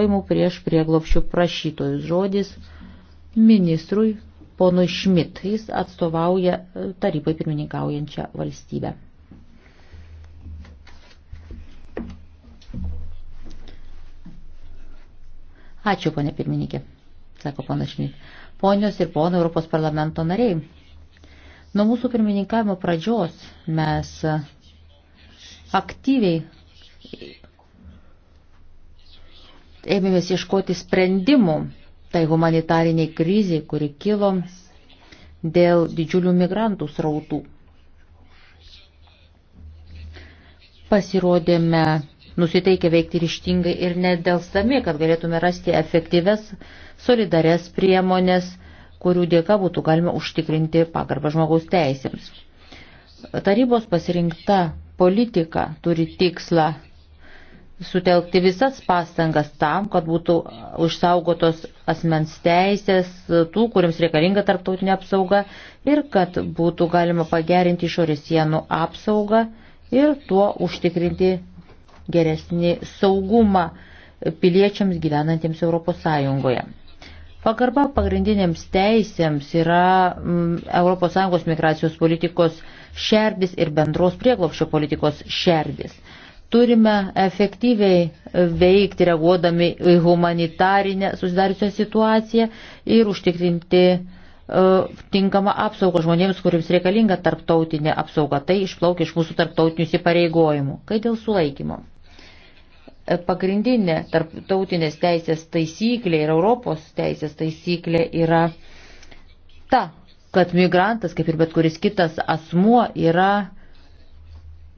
išieškojimų prieš prieglopšių prašytojus žodis ministrui ponui Šmit. Jis atstovauja e, tarybai pirmininkaujančią valstybę. Ačiū, ponė pirmininkė, sako ponas Šmit. Ponios ir pono Europos parlamento nariai, nuo mūsų pirmininkavimo pradžios mes aktyviai ėmėmės ieškoti sprendimų tai humanitariniai kriziai, kuri kilo dėl didžiulių migrantų srautų. Pasirodėme nusiteikę veikti ryštingai ir nedelsdami, kad galėtume rasti efektyves, solidarias priemonės, kurių dėka būtų galima užtikrinti pagarbą žmogaus teisėms. Tarybos pasirinkta politika turi tikslą sutelkti visas pastangas tam, kad būtų užsaugotos asmens teisės tų, kuriems reikalinga tarptautinė apsauga ir kad būtų galima pagerinti išorės sienų apsaugą ir tuo užtikrinti geresnį saugumą piliečiams gyvenantiems Europos Sąjungoje. Pagarba pagrindinėms teisėms yra mm, ES migracijos politikos šerdis ir bendros prieglopščio politikos šerdis. Turime efektyviai veikti, reaguodami į humanitarinę susidariusią situaciją ir užtikrinti uh, tinkamą apsaugą žmonėms, kuriems reikalinga tarptautinė apsauga. Tai išplaukia iš mūsų tarptautinių įsipareigojimų. Kai dėl sulaikymo. E, pagrindinė tarptautinės teisės taisyklė ir Europos teisės taisyklė yra ta, kad migrantas, kaip ir bet kuris kitas asmuo, yra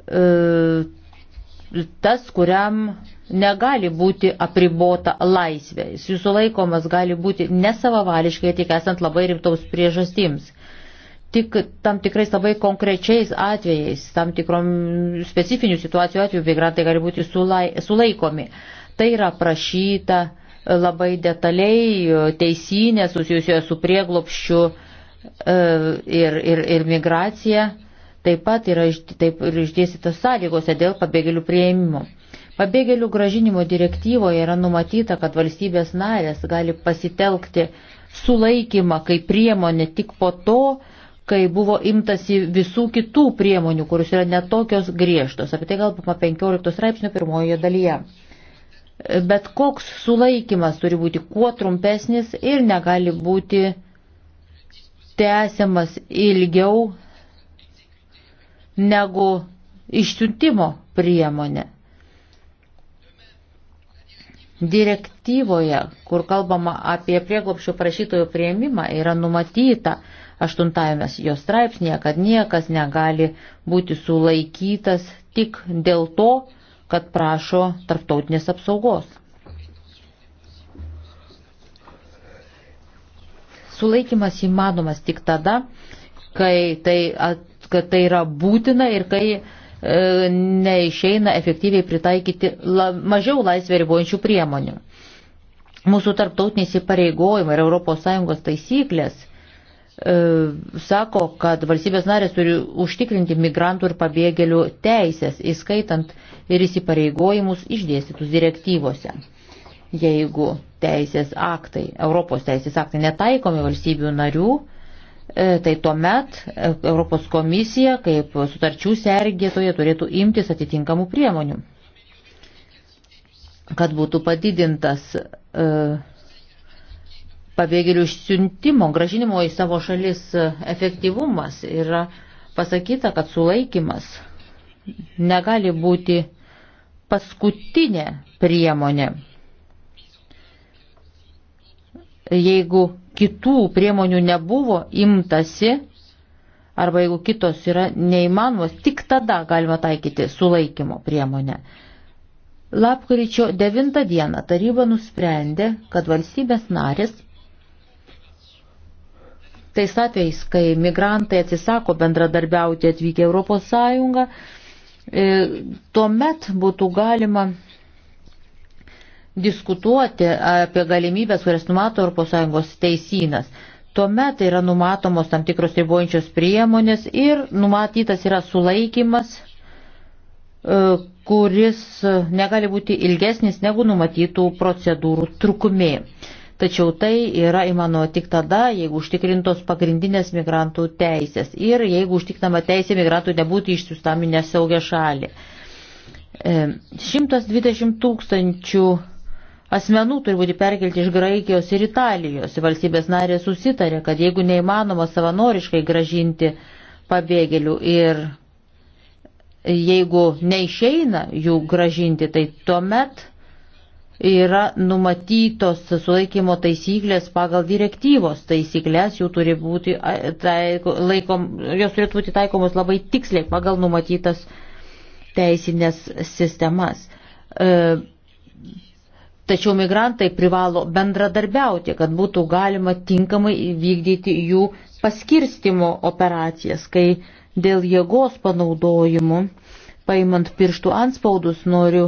e, tas, kuriam negali būti apribota laisvė. Jis jūsų laikomas gali būti nesavavališkai, tik esant labai rimtoms priežastims. Tik tam tikrais labai konkrečiais atvejais, tam tikrom specifinių situacijų atveju migrantai gali būti sulai, sulaikomi. Tai yra prašyta labai detaliai teisinė susijusioje su prieglopščiu e, ir, ir, ir migracija. Taip pat yra taip ir išdėstytos sąlygose dėl pabėgėlių prieimimo. Pabėgėlių gražinimo direktyvoje yra numatyta, kad valstybės narės gali pasitelkti sulaikymą kaip priemonę tik po to, kai buvo imtasi visų kitų priemonių, kuris yra netokios griežtos. Apie tai kalbama 15 straipsnio pirmojoje dalyje. Bet koks sulaikimas turi būti kuo trumpesnis ir negali būti tęsiamas ilgiau negu išsiuntimo priemonė. Direktyvoje, kur kalbama apie prieglopščių prašytojų prieimimą, yra numatyta aštuntajame jos straipsnėje, kad niekas negali būti sulaikytas tik dėl to, kad prašo tarptautinės apsaugos. Sulaikimas įmanomas tik tada, kai tai kad tai yra būtina ir kai e, neišeina efektyviai pritaikyti la, mažiau laisvę ribojančių priemonių. Mūsų tarptautiniai įsipareigojimai ir ES taisyklės e, sako, kad valstybės narės turi užtikrinti migrantų ir pabėgėlių teisės, įskaitant ir įsipareigojimus išdėstytus direktyvose. Jeigu teisės aktai, Europos teisės aktai netaikomi valstybių narių, E, tai tuomet e, Europos komisija kaip sutarčių sergėtoje turėtų imtis atitinkamų priemonių, kad būtų padidintas e, pabėgėlių siuntimo, gražinimo į savo šalis efektyvumas yra pasakyta, kad sulaikimas negali būti paskutinė priemonė. Jeigu kitų priemonių nebuvo imtasi, arba jeigu kitos yra neįmanomos, tik tada galima taikyti sulaikymo priemonę. Lapkričio 9 dieną taryba nusprendė, kad valstybės narės tais atvejais, kai migrantai atsisako bendradarbiauti atvykę Europos Sąjungą, e, tuomet būtų galima diskutuoti apie galimybės, kurias numato ES teisynas. Tuomet yra numatomos tam tikros ribojančios priemonės ir numatytas yra sulaikimas, e, kuris negali būti ilgesnis negu numatytų procedūrų trukmė. Tačiau tai yra įmanoma tik tada, jeigu užtikrintos pagrindinės migrantų teisės ir jeigu užtikrama teisė migrantų nebūti išsiųstami nesaugia šalį. 120 e, tūkstančių 000 asmenų turi būti perkelti iš Graikijos ir Italijos. Valstybės narė susitarė, kad jeigu neįmanoma savanoriškai gražinti pabėgėlių ir jeigu neišeina jų gražinti, tai tuomet yra numatytos sulaikymo taisyklės pagal direktyvos taisyklės, jų turi būti, taiko, laikom, jos turėtų būti taikomos labai tiksliai pagal numatytas teisinės sistemas. E, tačiau migrantai privalo bendradarbiauti, kad būtų galima tinkamai vykdyti jų paskirstimo operacijas, kai dėl jėgos panaudojimų, paimant pirštų anspaudus, noriu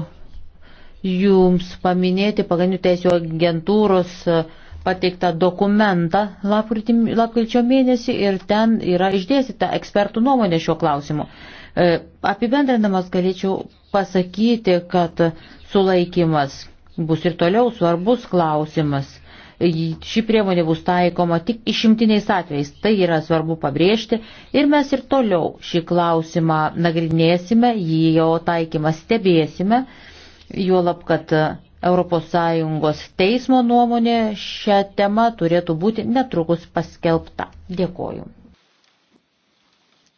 jums paminėti pagrindinių teisų agentūros e, pateiktą dokumentą lapkričio mėnesį ir ten yra išdėstyta ekspertų nuomonė šiuo klausimu. E, Apibendrinamas galėčiau pasakyti, kad sulaikimas bus ir toliau svarbus klausimas. Ši priemonė bus taikoma tik išimtiniais atvejais, tai yra svarbu pabrėžti ir mes ir toliau šį klausimą nagrinėsime, jį jo taikymą stebėsime, juolab, kad ES teismo nuomonė šią temą turėtų būti netrukus paskelbta. Dėkoju.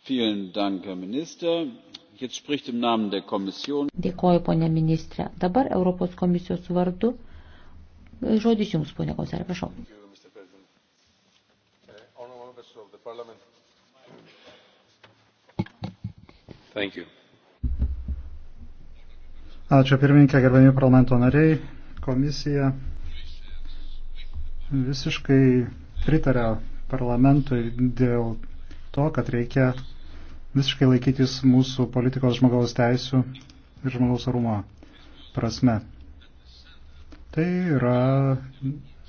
Vielen Dank, Herr Minister. Dėkoju, ponė ministrė. Dabar Europos komisijos vardu. Žodis jums, ponė Kosarė, prašau. Uh, Ačiū pirmininkė, gerbami parlamento nariai. Komisija visiškai pritarė parlamentui dėl to, kad reikia visiškai laikytis mūsų politikos žmogaus teisų ir žmogaus arumo prasme. Tai yra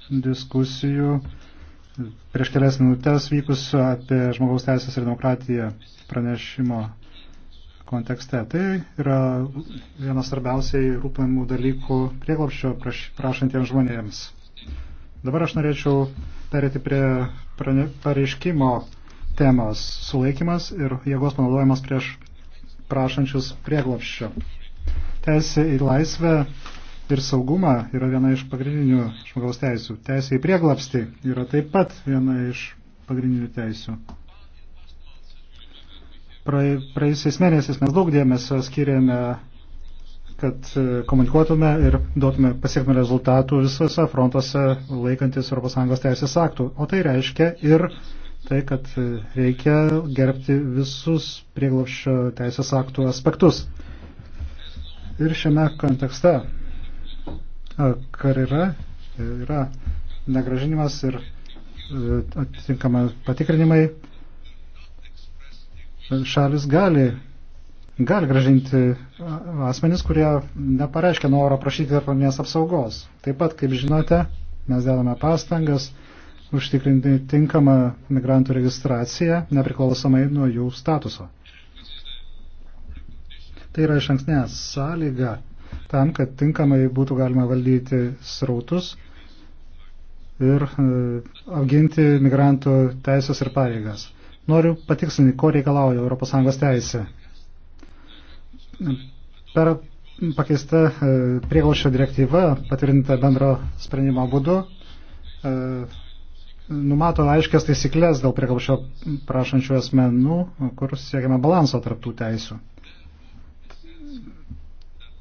diskusijų prieš kelias minutės vykusio apie žmogaus teisės ir demokratiją pranešimo kontekste. Tai yra vienas svarbiausiai rūpinamų dalykų prieglopščio praš, prašantiems žmonėms. Dabar aš norėčiau perėti prie pareiškimo temos - sulaikimas ir jėgos panaudojimas prieš prašančius prieglopščio. Teisė į laisvę ir saugumą yra viena iš pagrindinių žmogaus teisų. Teisė į prieglapstį yra taip pat viena iš pagrindinių teisų. Praėjusiais mėnesiais mes daug dėmesio skiriame, kad e, komunikuotume ir duotume pasiekmių rezultatų visose frontuose laikantis ES teisės aktų. O tai reiškia ir tai, kad reikia gerbti visus prieglopščio teisės aktų aspektus. Ir šiame kontekste kar yra, yra negražinimas ir e, atitinkama patikrinimai. Šalis gali, gali gražinti asmenis, kurie nepareiškia noro prašyti tarptautinės apsaugos. Taip pat, kaip žinote, mes dedame pastangas užtikrinti tinkamą migrantų registraciją nepriklausomai nuo jų statuso. Tai yra iš anksnė sąlyga tam, kad tinkamai būtų galima valdyti srautus ir e, apginti migrantų teisės ir pareigas. Noriu patikslinti, ko reikalauja ES teisė. Per pakeista e, prieglaušio direktyva patvirtinta bendro sprendimo būdu e, numato aiškias taisyklės dėl prieglobšio prašančių asmenų, kur siekiama balanso tarptų teisų.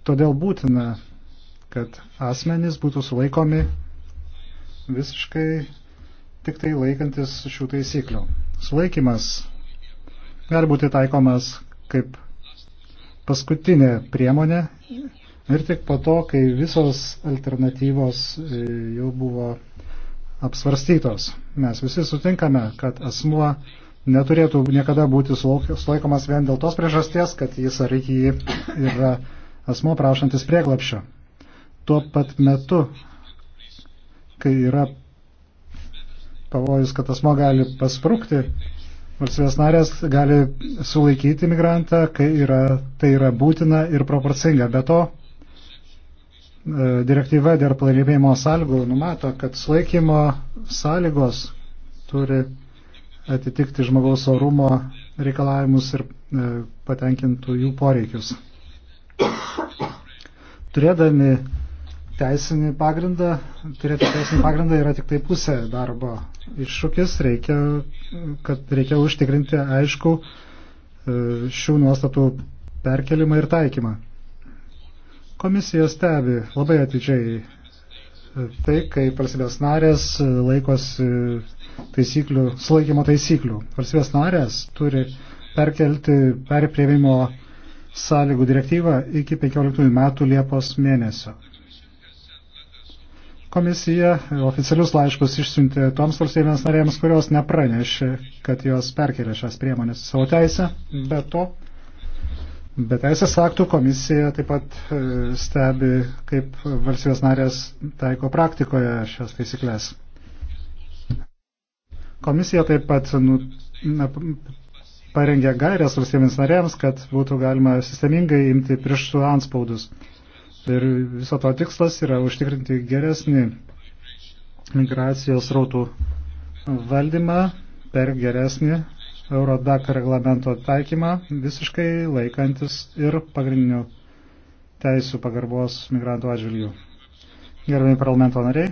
Todėl būtina, kad asmenys būtų sulaikomi visiškai tik tai laikantis šių taisyklių. Sulaikimas gali būti taikomas kaip paskutinė priemonė ir tik po to, kai visos alternatyvos e, jau buvo apsvarstytos. Mes visi sutinkame, kad asmuo neturėtų niekada būti sulaikomas vien dėl tos priežasties, kad jis ar jį yra asmuo prašantis prieglapščio. Tuo pat metu, kai yra pavojus, kad asmo gali pasprūkti, valstybės narės gali sulaikyti migrantą, kai yra, tai yra būtina ir proporcinga. Be to, direktyva dėl palaimėjimo sąlygų numato, kad sulaikymo sąlygos turi atitikti žmogaus orumo reikalavimus ir e, patenkintų jų poreikius. Turėdami teisinį pagrindą, turėti teisinį pagrindą yra tik tai pusė darbo iššūkis, reikia, kad reikia užtikrinti aišku e, šių nuostatų perkelimą ir taikymą. Komisija stebi labai atidžiai tai, kai valstybės narės laikosi taisyklių, sulaikymo taisyklių. Valstybės narės turi perkelti perprieimimo sąlygų direktyvą iki 15 metų Liepos mėnesio. Komisija oficialius laiškus išsiuntė toms valstybėms narėms, kurios nepranešė, kad jos perkelė šias priemonės savo teisę, bet to Bet teisės aktų komisija taip pat e, stebi, kaip valstybės narės taiko praktikoje šias taisyklės. Komisija taip pat nu, na, parengė gairias valstybės narėms, kad būtų galima sistemingai imti pirštų anspaudus. Ir viso to tikslas yra užtikrinti geresnį migracijos rautų valdymą per geresnį Eurodac reglamento taikymą, visiškai laikantis ir pagrindinių teisų pagarbos migrantų atžvilgių. Gerbėjai parlamento nariai,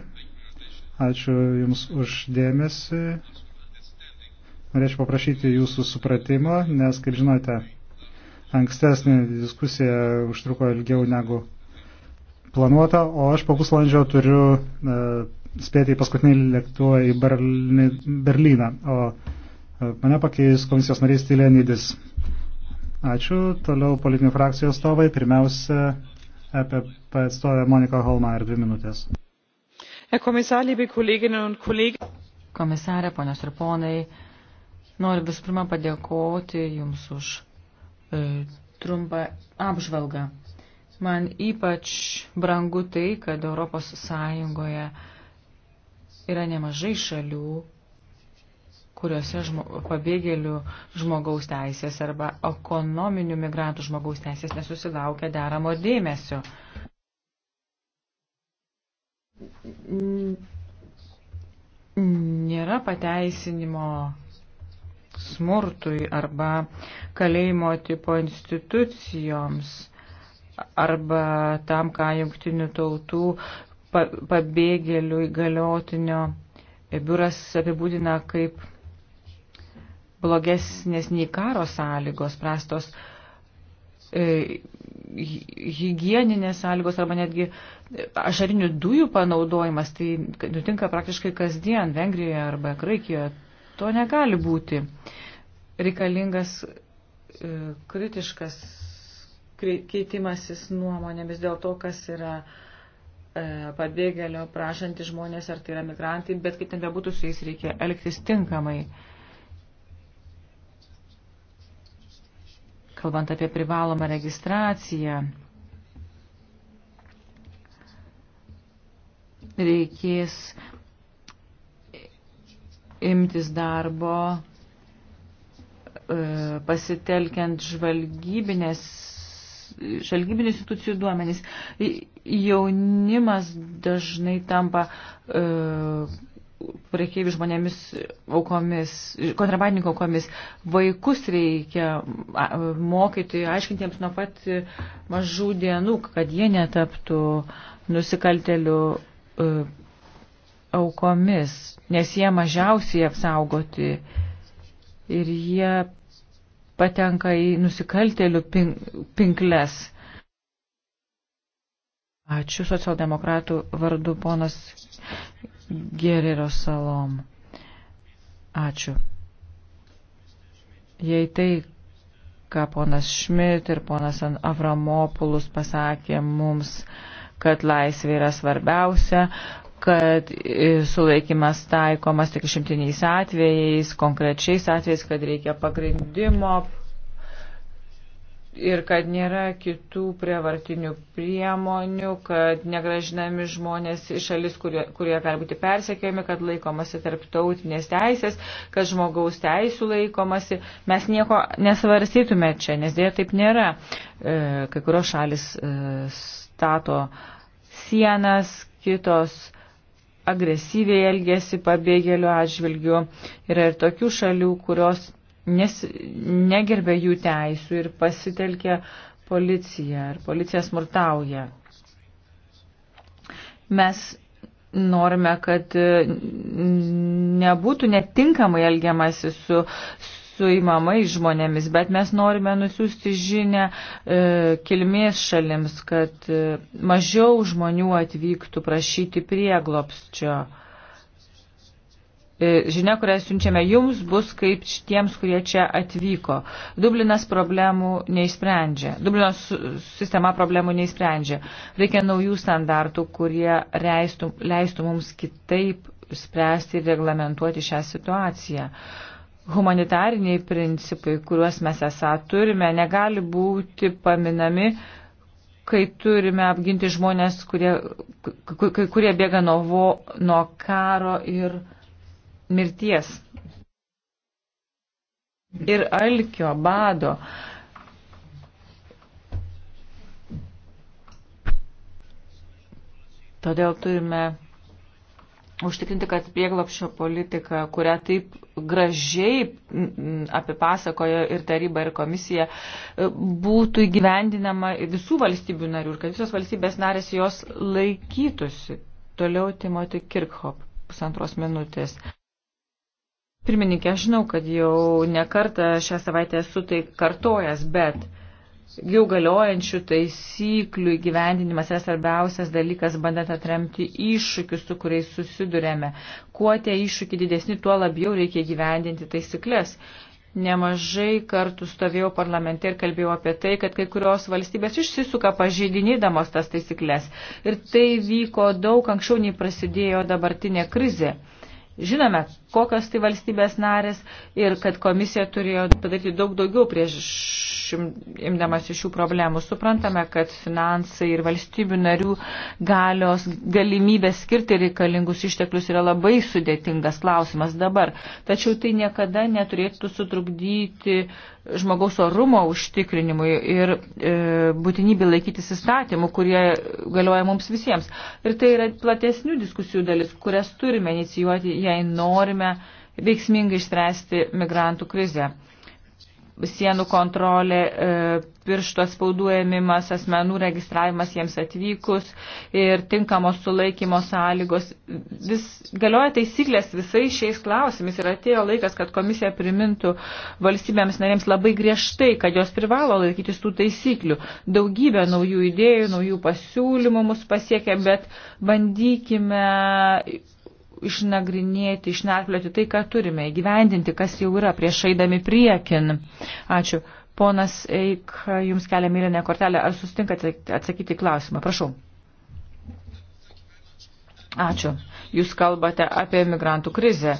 ačiū Jums uždėmesi. Norėčiau paprašyti Jūsų supratimo, nes, kaip žinote, ankstesnė diskusija užtruko ilgiau negu planuota, o aš po pusvalandžio turiu e, spėti į paskutinį lėktuvą į Berliną. O Mane pakeis komisijos narys Tilenydis. Ačiū. Toliau politinių frakcijų atstovai. Pirmiausia, EPP atstovė Monika Holmaier, dvi minutės. Komisarė, ponios ir ponai, noriu visų pirma padėkoti Jums už e, trumpą apžvalgą. Man ypač brangu tai, kad Europos Sąjungoje yra nemažai šalių, kuriuose žmo, pabėgėlių žmogaus teisės arba ekonominių migrantų žmogaus teisės nesusilaukia deramo dėmesio. Nėra pateisinimo smurtui arba kalėjimo tipo institucijoms arba tam, ką jungtinių tautų pabėgėlių įgaliotinio biuras apibūdina kaip blogesnės nei karo sąlygos, prastos e, hygieninės sąlygos arba netgi ašarinių dujų panaudojimas, tai nutinka praktiškai kasdien Vengrijoje arba Graikijoje. To negali būti. Reikalingas e, kritiškas keitimasis nuomonėmis dėl to, kas yra e, pabėgėlio prašantys žmonės, ar tai yra migrantai, bet kaip ten bebūtų su jais reikia elgtis tinkamai. E, kalbant apie privalomą registraciją, reikės imtis darbo e, pasitelkiant žvalgybinės žalgybinių institucijų duomenys. Jaunimas dažnai tampa uh, priekeivių žmonėmis aukomis, kontrabandininkų aukomis. Vaikus reikia mokyti, aiškinti jiems nuo pat mažų dienų, kad jie netaptų nusikaltelių e, aukomis, nes jie mažiausiai apsaugoti ir jie patenka į nusikaltelių pinkles. Ačiū socialdemokratų vardu ponas Gerero salom. Ačiū. Jei tai, ką ponas Šmit ir ponas Avramopulus pasakė mums, kad laisvė yra svarbiausia, kad e, sulaikimas taikomas tik šimtiniais atvejais, konkrečiais atvejais, kad reikia pagrindimo, ir kad nėra kitų prievartinių priemonių, kad negražinami žmonės iš šalis, kurie, kurie gali būti persekiojami, kad laikomasi tarptautinės teisės, kad žmogaus teisų laikomasi. Mes nieko nesvarstytume čia, nes dėja taip nėra. E, kai kurios šalis e, stato sienas, kitos agresyviai elgesi pabėgėlių atžvilgių. Yra ir tokių šalių, kurios nes negerbė jų teisų ir pasitelkė policiją ir policija smurtauja. Mes norime, kad e, nebūtų netinkamai elgiamasi su, su įmamai žmonėmis, bet mes norime nusiųsti žinę e, kilmės šalims, kad e, mažiau žmonių atvyktų prašyti prieglopsčio. E, E, žinia, kurią siunčiame jums, bus kaip tiems, kurie čia atvyko. Dublinas problemų neįsprendžia. Dublino sistema problemų neįsprendžia. Reikia naujų standartų, kurie reistų, leistų mums kitaip spręsti ir reglamentuoti šią situaciją. Humanitariniai principai, kuriuos mes esą turime, negali būti paminami kai turime apginti žmonės, kurie, kurie bėga nuo, nuo karo ir mirties ir alkio, bado. Todėl turime užtikrinti, kad prieglapšio politika, kurią taip gražiai apipasakojo ir taryba, ir komisija, būtų įgyvendinama visų valstybių narių ir kad visos valstybės narės jos laikytųsi. Toliau Timoti Kirkhop, pusantros minutės. Pirmininkė, aš žinau, kad jau nekartą šią savaitę esu tai kartojęs, bet jau galiojančių taisyklių įgyvendinimas yra svarbiausias dalykas, bandant atremti iššūkius, su kuriais susidurėme. Kuo tie iššūkiai didesni, tuo labiau reikia įgyvendinti taisyklės. Nemažai kartų stovėjau parlamente ir kalbėjau apie tai, kad kai kurios valstybės išsisuka pažeidinėdamos tas taisyklės. Ir tai vyko daug anksčiau nei prasidėjo dabartinė krizė. Žinome, kokios tai valstybės narės ir kad komisija turėjo padaryti daug daugiau prieš imdamas iš šių problemų. Suprantame, kad finansai ir valstybių narių galios galimybės skirti reikalingus išteklius yra labai sudėtingas klausimas dabar. Tačiau tai niekada neturėtų sutrukdyti uh, žmogaus orumo užtikrinimui ir e, būtinybė laikytis įstatymų, kurie galioja mums visiems. Ir tai yra platesnių diskusijų dalis, kurias turime inicijuoti, jei norime veiksmingai išspręsti migrantų krizę sienų kontrolė, e, piršto spaudų ėmimas, asmenų registravimas jiems atvykus ir tinkamos sulaikymo sąlygos. Vis, galioja taisyklės visais šiais klausimais ir atėjo laikas, kad komisija primintų valstybėms narėms labai griežtai, kad jos privalo laikytis tų taisyklių. Daugybė naujų idėjų, naujų pasiūlymų mus pasiekia, bet bandykime išnagrinėti, išnarplioti tai, ką turime, įgyvendinti, kas jau yra, prieš eidami priekin. Ačiū. Ponas Eik, jums kelia mylinę kortelę. Ar sustinkate atsakyti klausimą? Prašau. Ačiū. Jūs kalbate apie migrantų krizę.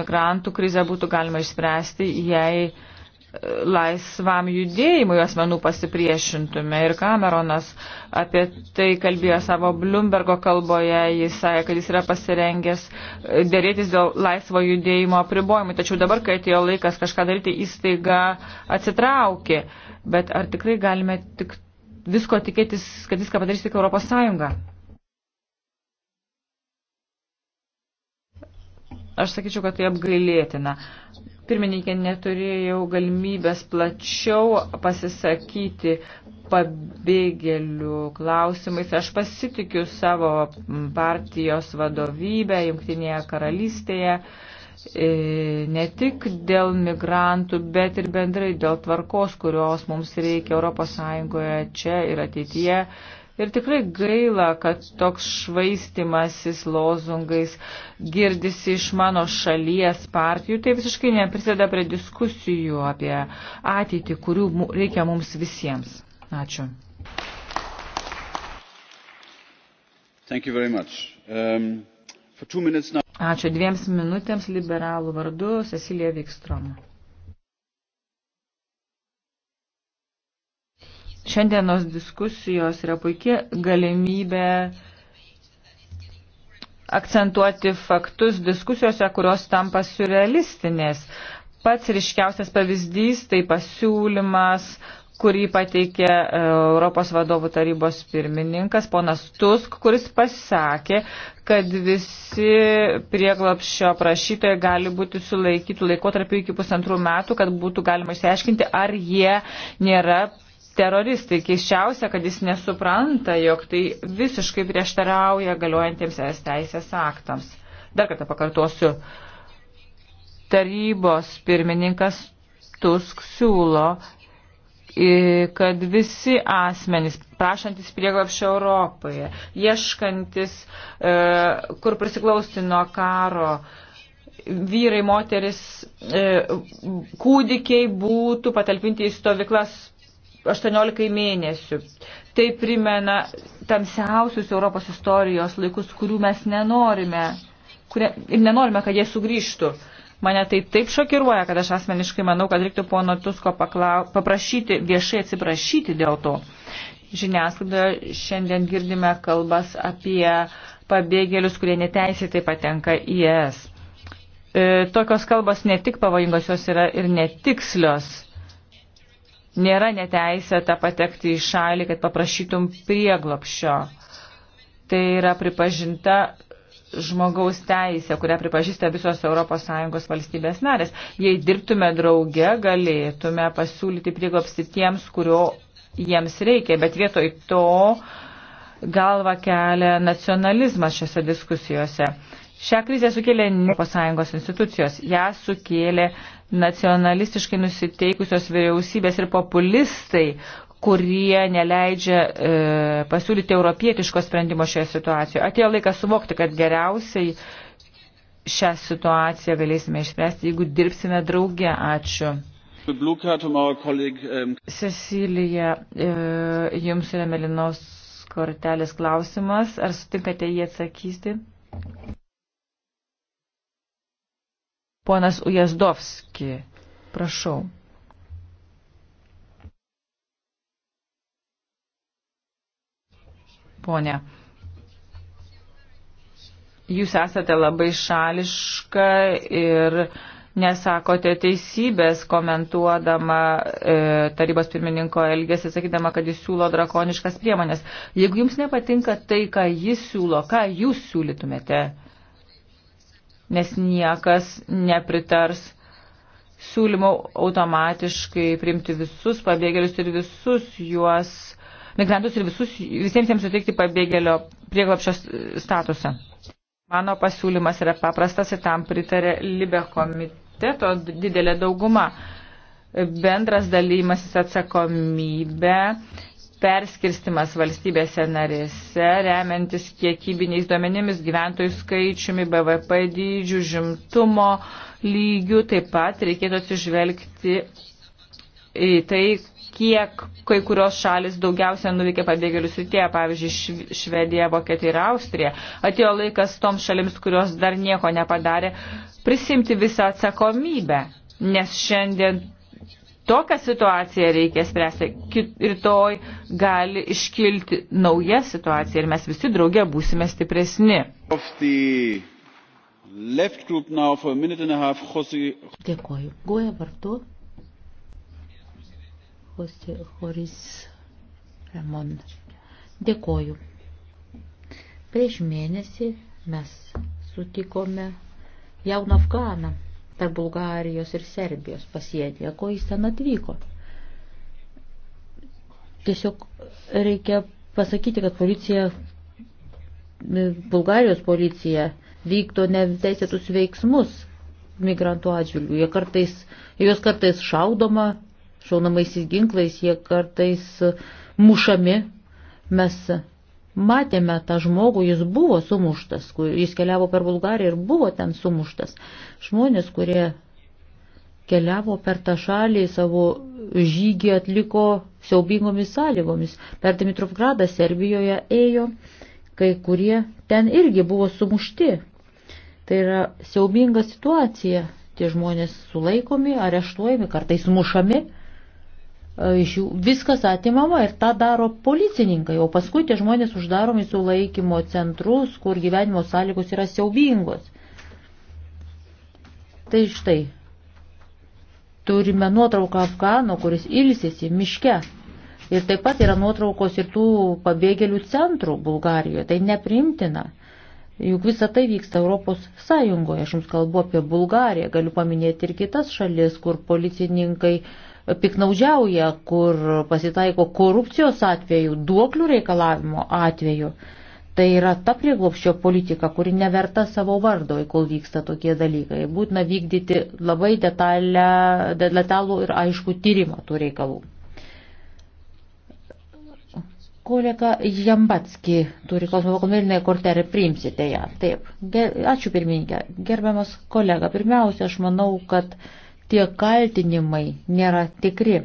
Migrantų krizę būtų galima išspręsti, jei laisvam judėjimui asmenų pasipriešintume. Ir Cameronas apie tai kalbėjo savo Bloombergo kalboje, jis sakė, kad jis yra pasirengęs e, dėrėtis dėl laisvo judėjimo apribojimų. Tačiau dabar, kai atėjo laikas kažką daryti, įstaiga atsitraukė. Bet ar tikrai galime tik visko tikėtis, kad viską padarys tik Europos Sąjunga? Aš sakyčiau, kad tai apgailėtina pirmininkė, neturėjau galimybės plačiau pasisakyti pabėgėlių klausimais. Aš pasitikiu savo partijos vadovybę Junktinėje karalystėje e, ne tik dėl migrantų, bet ir bendrai dėl tvarkos, kurios mums reikia ES čia ir ateityje Ir tikrai gaila, kad toks švaistimasis lozungais girdisi iš mano šalies partijų. Tai visiškai neprisėda prie diskusijų apie ateitį, kurių reikia mums visiems. Ačiū. Um, Ačiū dviems minutėms liberalų vardu Cecilija Vikstrom. Šiandienos diskusijos yra puikia galimybė akcentuoti faktus diskusijose, kurios tampa surrealistinės. Pats ryškiausias pavyzdys tai pasiūlymas, kurį pateikė e, Europos vadovų tarybos pirmininkas ponas Tusk, kuris pasakė, kad visi prieglapščio prašytojai gali būti sulaikyti laikotarpiu iki pusantrų metų, kad būtų galima išsiaiškinti, ar jie nėra teroristai. Keiščiausia, kad jis nesupranta, jog tai visiškai prieštarauja galiojantiems es teisės aktams. Dar kartą pakartosiu. Tarybos pirmininkas Tusk siūlo, kad visi asmenys, prašantis prieglapščio Europoje, ieškantis, e, kur prisiklausti nuo karo, vyrai, moteris, e, kūdikiai būtų patalpinti į stovyklas 18 mėnesių. Tai primena tamsiausius Europos istorijos laikus, kurių mes nenorime kurie, ir nenorime, kad jie sugrįžtų. Mane tai taip šokiruoja, kad aš asmeniškai manau, kad reiktų pono Tusko paklau, paprašyti, viešai atsiprašyti dėl to. Žiniasklaidoje šiandien girdime kalbas apie pabėgėlius, kurie neteisėtai patenka į ES. E, tokios kalbos ne tik pavojingos, jos yra ir netikslios nėra neteisėta patekti į šalį, kad paprašytum prieglopšio. Tai yra pripažinta žmogaus teisė, kurią pripažįsta visos ES valstybės narės. Jei dirbtume drauge, galėtume pasiūlyti prieglopsti tiems, kurio jiems reikia, bet vietoj to galva kelia nacionalizmas šiose diskusijose. Šią krizę sukėlė ES institucijos, ją sukėlė nacionalistiškai nusiteikusios vyriausybės ir populistai, kurie neleidžia e, pasiūlyti europietiško sprendimo šioje situacijoje. Atėjo laikas suvokti, kad geriausiai šią situaciją galėsime išspręsti, jeigu dirbsime drauge. Ačiū. Cecilija, e, jums yra Melinos kortelės klausimas. Ar sutinkate jį atsakysti? Ponas Ujazdovski, prašau. Pone, jūs esate labai šališka ir nesakote teisybės, komentuodama e, tarybos pirmininko elgesį, sakydama, kad jis siūlo drakoniškas priemonės. Jeigu jums nepatinka tai, ką jis siūlo, ką jūs siūlytumėte? nes niekas nepritars siūlymo automatiškai priimti visus pabėgėlius ir visus juos, migrantus ir visus, visiems jiems suteikti pabėgėlio prieglapšio statusą. Mano pasiūlymas yra paprastas ir tam pritarė Libe komiteto didelė dauguma. Bendras dalymasis atsakomybė perskirstimas valstybėse narėse, remiantis kiekybiniais duomenimis gyventojų skaičiumi, BVP dydžių, žimtumo lygių, taip pat reikėtų atsižvelgti į tai, kiek kai kurios šalis daugiausia nuveikė pabėgėlių srityje, pavyzdžiui, Švedija, Vokietija ir Austrija. Atėjo laikas toms šalims, kurios dar nieko nepadarė, prisimti visą atsakomybę, nes šiandien Tokią situaciją reikia spręsti. Rytoj gali iškilti nauja situacija ir mes visi drauge būsime stipresni. Half, Jose... Dėkoju. Guoja vartu. Jose Horis Ramon. Dėkoju. Prieš mėnesį mes sutikome jauną Afganą tarp Bulgarijos ir Serbijos pasienyje, ko jis ten atvyko. Tiesiog reikia pasakyti, kad policija, Bulgarijos policija vykdo neteisėtus veiksmus migrantų atžvilgių. Jie kartais, juos kartais šaudoma, šaunamaisiais ginklais, jie kartais mušami. Mes matėme tą žmogų, jis buvo sumuštas, jis keliavo per Bulgariją ir buvo ten sumuštas. Žmonės, kurie keliavo per tą šalį, savo žygį atliko siaubingomis sąlygomis. Per Dimitrovgradą Serbijoje ėjo, kai kurie ten irgi buvo sumušti. Tai yra siaubinga situacija. Tie žmonės sulaikomi, areštuojami, kartais mušami iš jų viskas atimama ir tą daro policininkai, o paskui tie žmonės uždaromi sulaikymo centrus, kur gyvenimo sąlygos yra siaubingos. Tai štai, turime nuotrauką Afgano, kuris ilsėsi miške. Ir taip pat yra nuotraukos ir tų pabėgėlių centrų Bulgarijoje. Tai neprimtina. Juk visa tai vyksta Europos Sąjungoje. Aš jums kalbu apie Bulgariją. Galiu paminėti ir kitas šalis, kur policininkai uh, piknaudžiauja, kur pasitaiko korupcijos atveju, duoklių reikalavimo atveju. Tai yra ta prieglopščio politika, kuri neverta savo vardo, kol vyksta tokie dalykai. Būtina vykdyti labai detalę, detalų ir aišku tyrimą tų reikalų. Kolega Jambatski turi klausimą, kol mėlynąją kortelę priimsite ją. Taip. Ačiū pirmininkė. Gerbiamas kolega, pirmiausia, aš manau, kad uh, tie kaltinimai nėra tikri.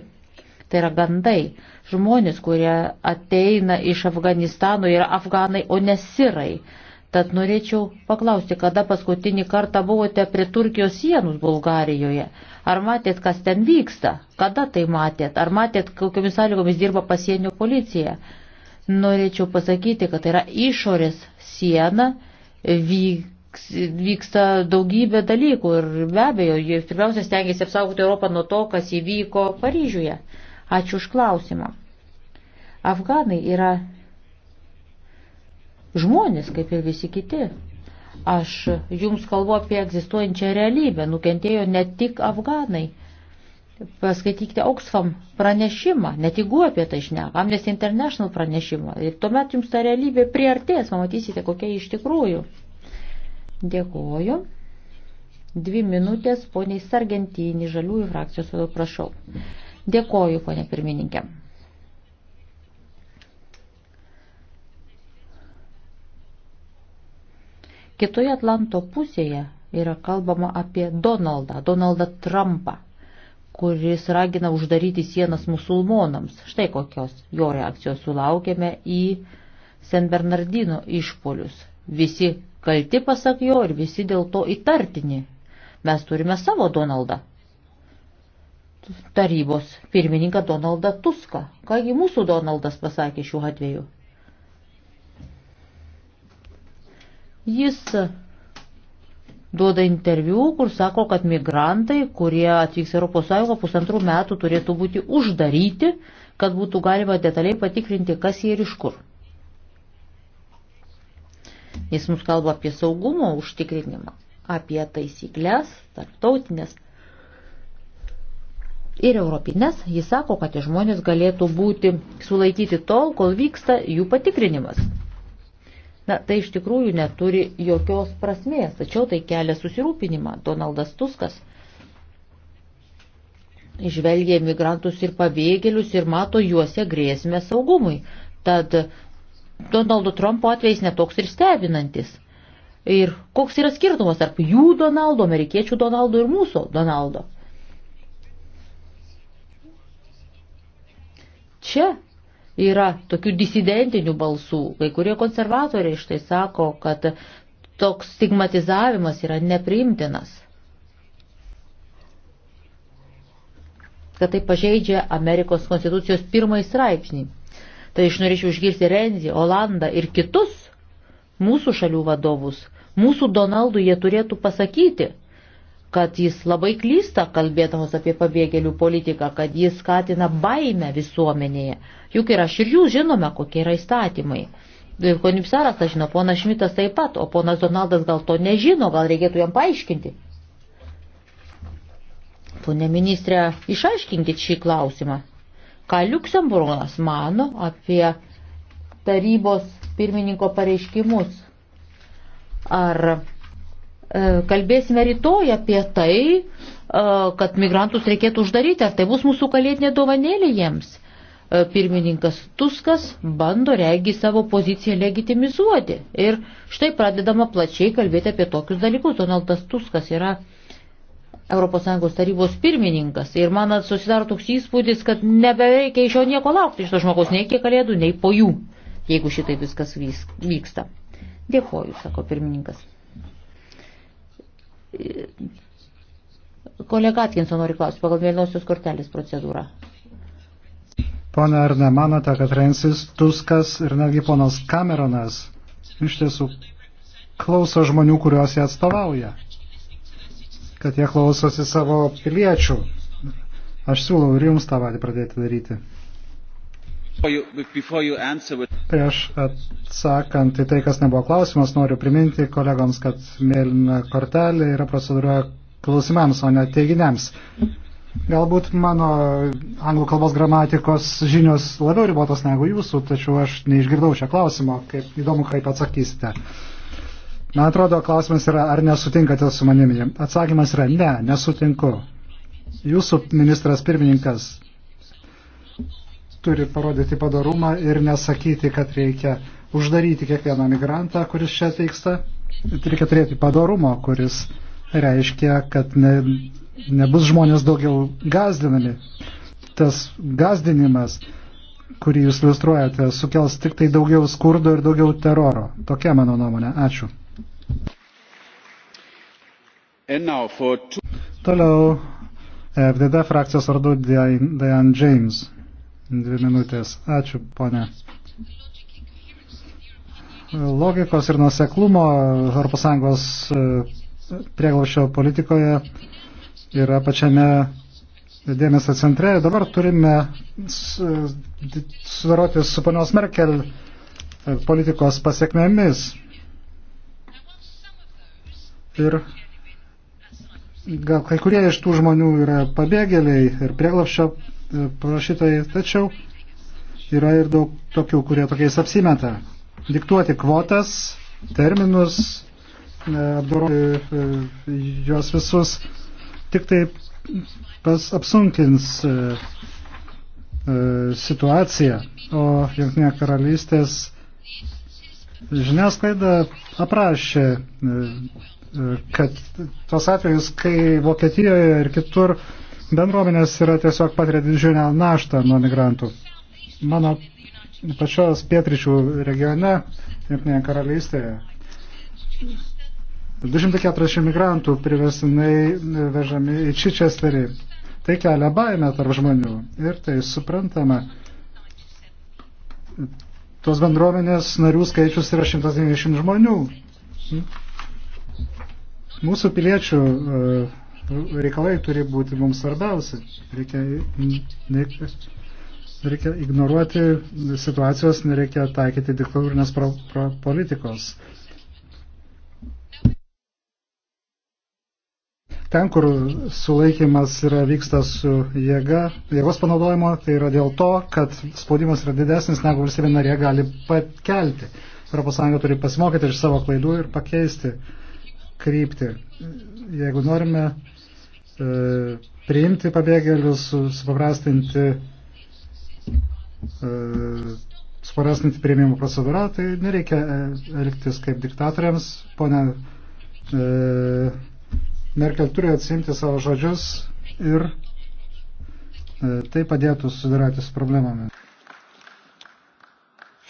Tai yra gandai. Žmonės, kurie ateina iš Afganistano, yra afganai, o nesirai. Tad norėčiau paklausti, kada paskutinį kartą buvote prie Turkijos sienus Bulgarijoje? Ar matėt, kas ten vyksta? Kada tai matėt? Ar matėt, kokiamis sąlygomis dirba pasienio policija? Norėčiau pasakyti, kad tai yra išorės siena, vyk vyksta daugybė dalykų ir be abejo, jie pirmiausia stengiasi apsaugoti Europą nuo to, kas įvyko Paryžiuje. Ačiū už klausimą. Afganai yra žmonės, kaip ir visi kiti. Aš jums kalbu apie egzistuojančią realybę. Nukentėjo ne tik Afganai. Paskaitykite Oxfam pranešimą, netigu apie tai šneka, Amnesty International pranešimą. Ir tuomet jums ta realybė priartės, pamatysite, kokia iš tikrųjų. Dėkoju. Dvi minutės poniai Sargentinį žaliųjų frakcijos vadovų prašau. Dėkoju, ponė pirmininkė. Kitoje Atlanto pusėje yra kalbama apie Donaldą, Donaldą Trumpą, kuris ragina uždaryti sienas musulmonams. Štai kokios jo reakcijos sulaukėme į Sen Bernardino išpolius. Visi kalti pasak jo ir visi dėl to įtartini. Mes turime savo Donaldą. Tarybos pirmininką Donaldą Tuską. Kągi mūsų Donaldas pasakė šiuo atveju? Jis duoda interviu, kur sako, kad migrantai, kurie atvyks Europos Sąjungą pusantrų metų, turėtų būti uždaryti, kad būtų galima detaliai patikrinti, kas jie ir iš kur. Jis mums kalba apie saugumo užtikrinimą, apie taisyklės, tarptautinės ir europinės. Jis sako, kad žmonės galėtų būti sulaikyti tol, kol vyksta jų patikrinimas. Na, tai iš tikrųjų neturi jokios prasmės, tačiau tai kelia susirūpinimą. Donaldas Tuskas žvelgia migrantus ir pabėgėlius ir mato juose grėsmę saugumui. Tad Donaldo Trumpo atvejais netoks ir stebinantis. Ir koks yra skirtumas tarp jų Donaldo, amerikiečių Donaldo ir mūsų Donaldo. Čia yra tokių disidentinių balsų. Kai kurie konservatoriai štai sako, kad toks stigmatizavimas yra nepriimtinas. Kad tai pažeidžia Amerikos konstitucijos pirmąjį straipsnį. Tai aš norėčiau išgirsti Renzį, Olandą ir kitus mūsų šalių vadovus. Mūsų Donaldų jie turėtų pasakyti, kad jis labai klysta, kalbėdamas apie pabėgėlių politiką, kad jis skatina baimę visuomenėje. Juk ir aš ir jūs žinome, kokie yra įstatymai. Konipsaras tą žino, ponas Šmitas taip pat, o ponas Donaldas gal to nežino, gal reikėtų jam paaiškinti. Pone ministrė, išaiškinkit šį klausimą. Ką Liuksemburgas mano apie tarybos pirmininko pareiškimus? Ar e, kalbėsime rytoj apie tai, e, kad migrantus reikėtų uždaryti? Ar tai bus mūsų kalėdinė dovanėlė jiems? E, pirmininkas Tuskas bando regi savo poziciją legitimizuoti. Ir štai pradedama plačiai kalbėti apie tokius dalykus. Donaldas Tuskas yra ES tarybos pirmininkas ir man susidaro toks įspūdis, kad nebereikia iš jo nieko laukti iš to žmogaus, nei iki kalėdų, nei po jų, jeigu šitai viskas vyksta. Dėkoju, sako pirmininkas. Kolega Atkinson nori klausyti pagal mėlynosios kortelės procedūrą. Pone, ar nemanote, kad Rensis Tuskas ir netgi ponas Cameronas iš tiesų klauso žmonių, kuriuos jie atstovauja? kad jie klausosi savo piliečių. Aš siūlau ir jums tą patį pradėti daryti. Prieš atsakant į tai, kas nebuvo klausimas, noriu priminti kolegoms, kad mėlyna kortelė yra procedūra klausimams, o ne teiginiams. Galbūt mano anglų kalbos gramatikos žinios labiau ribotos negu jūsų, tačiau aš neišgirdau šią klausimą, kaip įdomu, kaip atsakysite. Man atrodo, klausimas yra, ar nesutinkate su manimi. Atsakymas yra, ne, nesutinku. Jūsų ministras pirmininkas turi parodyti padarumą ir nesakyti, kad reikia uždaryti kiekvieną migrantą, kuris čia atvyksta. Reikia turėti padarumo, kuris reiškia, kad ne, nebus žmonės daugiau gazdinami. Tas gazdinimas, kurį jūs iliustruojate, sukels tik tai daugiau skurdo ir daugiau teroro. Tokia mano nuomonė. Ačiū. Two... Toliau e, FDD frakcijos vardu Diane James. Dvi minutės. Ačiū, ponė. Logikos ir nuseklumo ES e, prieglaušio politikoje yra pačiame dėmesio centre. Dabar turime e, sudaroti su panios Merkel politikos pasiekmėmis. Ir gal kai kurie iš tų žmonių yra pabėgėliai ir prieglapščio e, prašytojai, tačiau yra ir daug tokių, kurie tokiais apsimeta. Diktuoti kvotas, terminus, e, apdoroti e, juos visus, tik tai pas apsunkins situaciją, o Junktinė karalystės žiniasklaida aprašė kad tos atvejus, kai Vokietijoje ir kitur bendruomenės yra tiesiog patiria didžiulę naštą nuo migrantų. Mano pačios pietričių regione, Junktinėje karalystėje, 240 migrantų privesinai vežami į Čičesterį. Tai kelia baimę tarp žmonių ir tai suprantama. Tos bendruomenės narių skaičius yra 190 žmonių. Hmm? Mūsų piliečių e, reikalai turi būti mums svarbiausi. Reikia, reikia, reikia ignoruoti situacijos, nereikia taikyti diktatūrinės pro, pro, politikos. Ten, kur sulaikimas yra vyksta su jėga, jėgos panaudojimo, tai yra dėl to, kad spaudimas yra didesnis, negu valstybė narė gali pakelti. ES turi pasimokyti iš savo klaidų ir pakeisti uh, kryptį. Jeigu norime e, priimti pabėgėlius, supaprastinti, e, supaprastinti prieimimo procedūrą, tai nereikia e, elgtis kaip diktatoriams. Pone e, Merkel turi atsimti savo žodžius ir e, tai padėtų sudaryti su problemomis.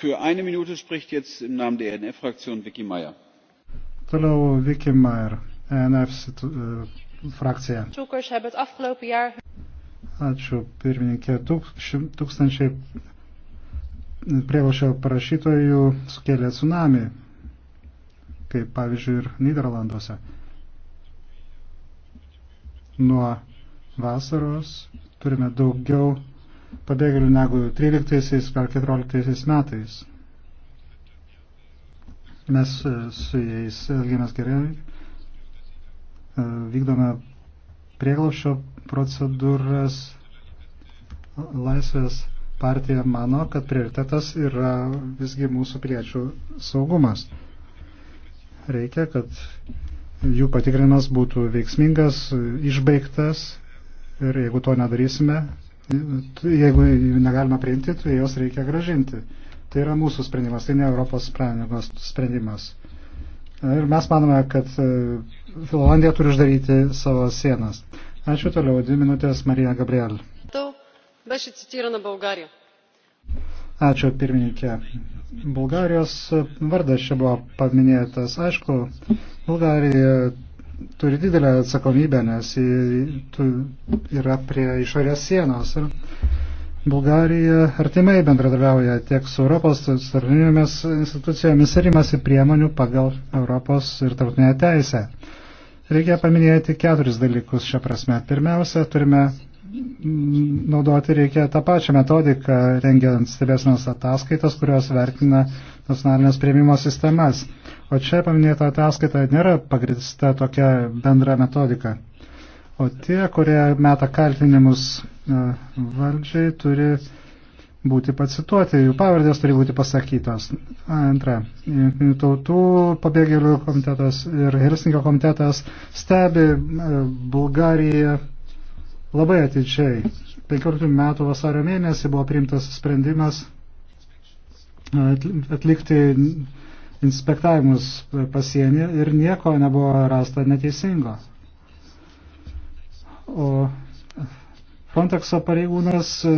Für eine Minute spricht jetzt im Namen der NF-Fraktion Vicky Meyer. Toliau Vicky Mayer, e NF e, frakcija. Ačiū pirmininkė. Tūkstančiai prieglošio parašytojų sukėlė tsunami, kaip pavyzdžiui ir Niderlanduose. Nuo vasaros turime daugiau pabėgėlių negu 13 ar 14 metais. Mes e, su jais elgiamės gerai, e, vykdome prieglaušio procedūras. Laisvės partija mano, kad prioritetas yra visgi mūsų priečių saugumas. Reikia, kad jų patikrinimas būtų veiksmingas, išbaigtas ir jeigu to nedarysime, jeigu negalima priimti, tai jos reikia gražinti. Tai yra mūsų sprendimas, tai ne Europos sprendimas. Ir mes manome, kad e, Finlandija turi uždaryti savo sienas. Ačiū toliau, dvi minutės Marija Gabriel. Ačiū pirmininkė. Bulgarijos vardas čia buvo paminėtas. Aišku, Bulgarija turi didelę atsakomybę, nes yra prie išorės sienos. Ir Bulgarija artimai bendradarbiauja tiek su Europos tarnybėmis institucijomis ir imasi priemonių pagal Europos ir tarptautinę teisę. Reikia paminėti keturis dalykus šią prasme. Pirmiausia, turime naudoti reikia tą pačią metodiką, rengiant stebėsinos ataskaitas, kurios vertina nacionalinės prieimimo sistemas. O čia paminėta ataskaita nėra pagrįsta tokia bendra metodika. O tie, kurie meta kaltinimus e, valdžiai, turi būti pacituoti, jų pavardės turi būti pasakytos. Antra, Junktinių tautų pabėgėlių komitetas ir Helsinkio komitetas stebi e, Bulgariją labai atidžiai. 15 metų vasario mėnesį buvo priimtas sprendimas e, atlikti inspektavimus pasienį ir nieko nebuvo rasta neteisingo. O Frontexo pareigūnas e,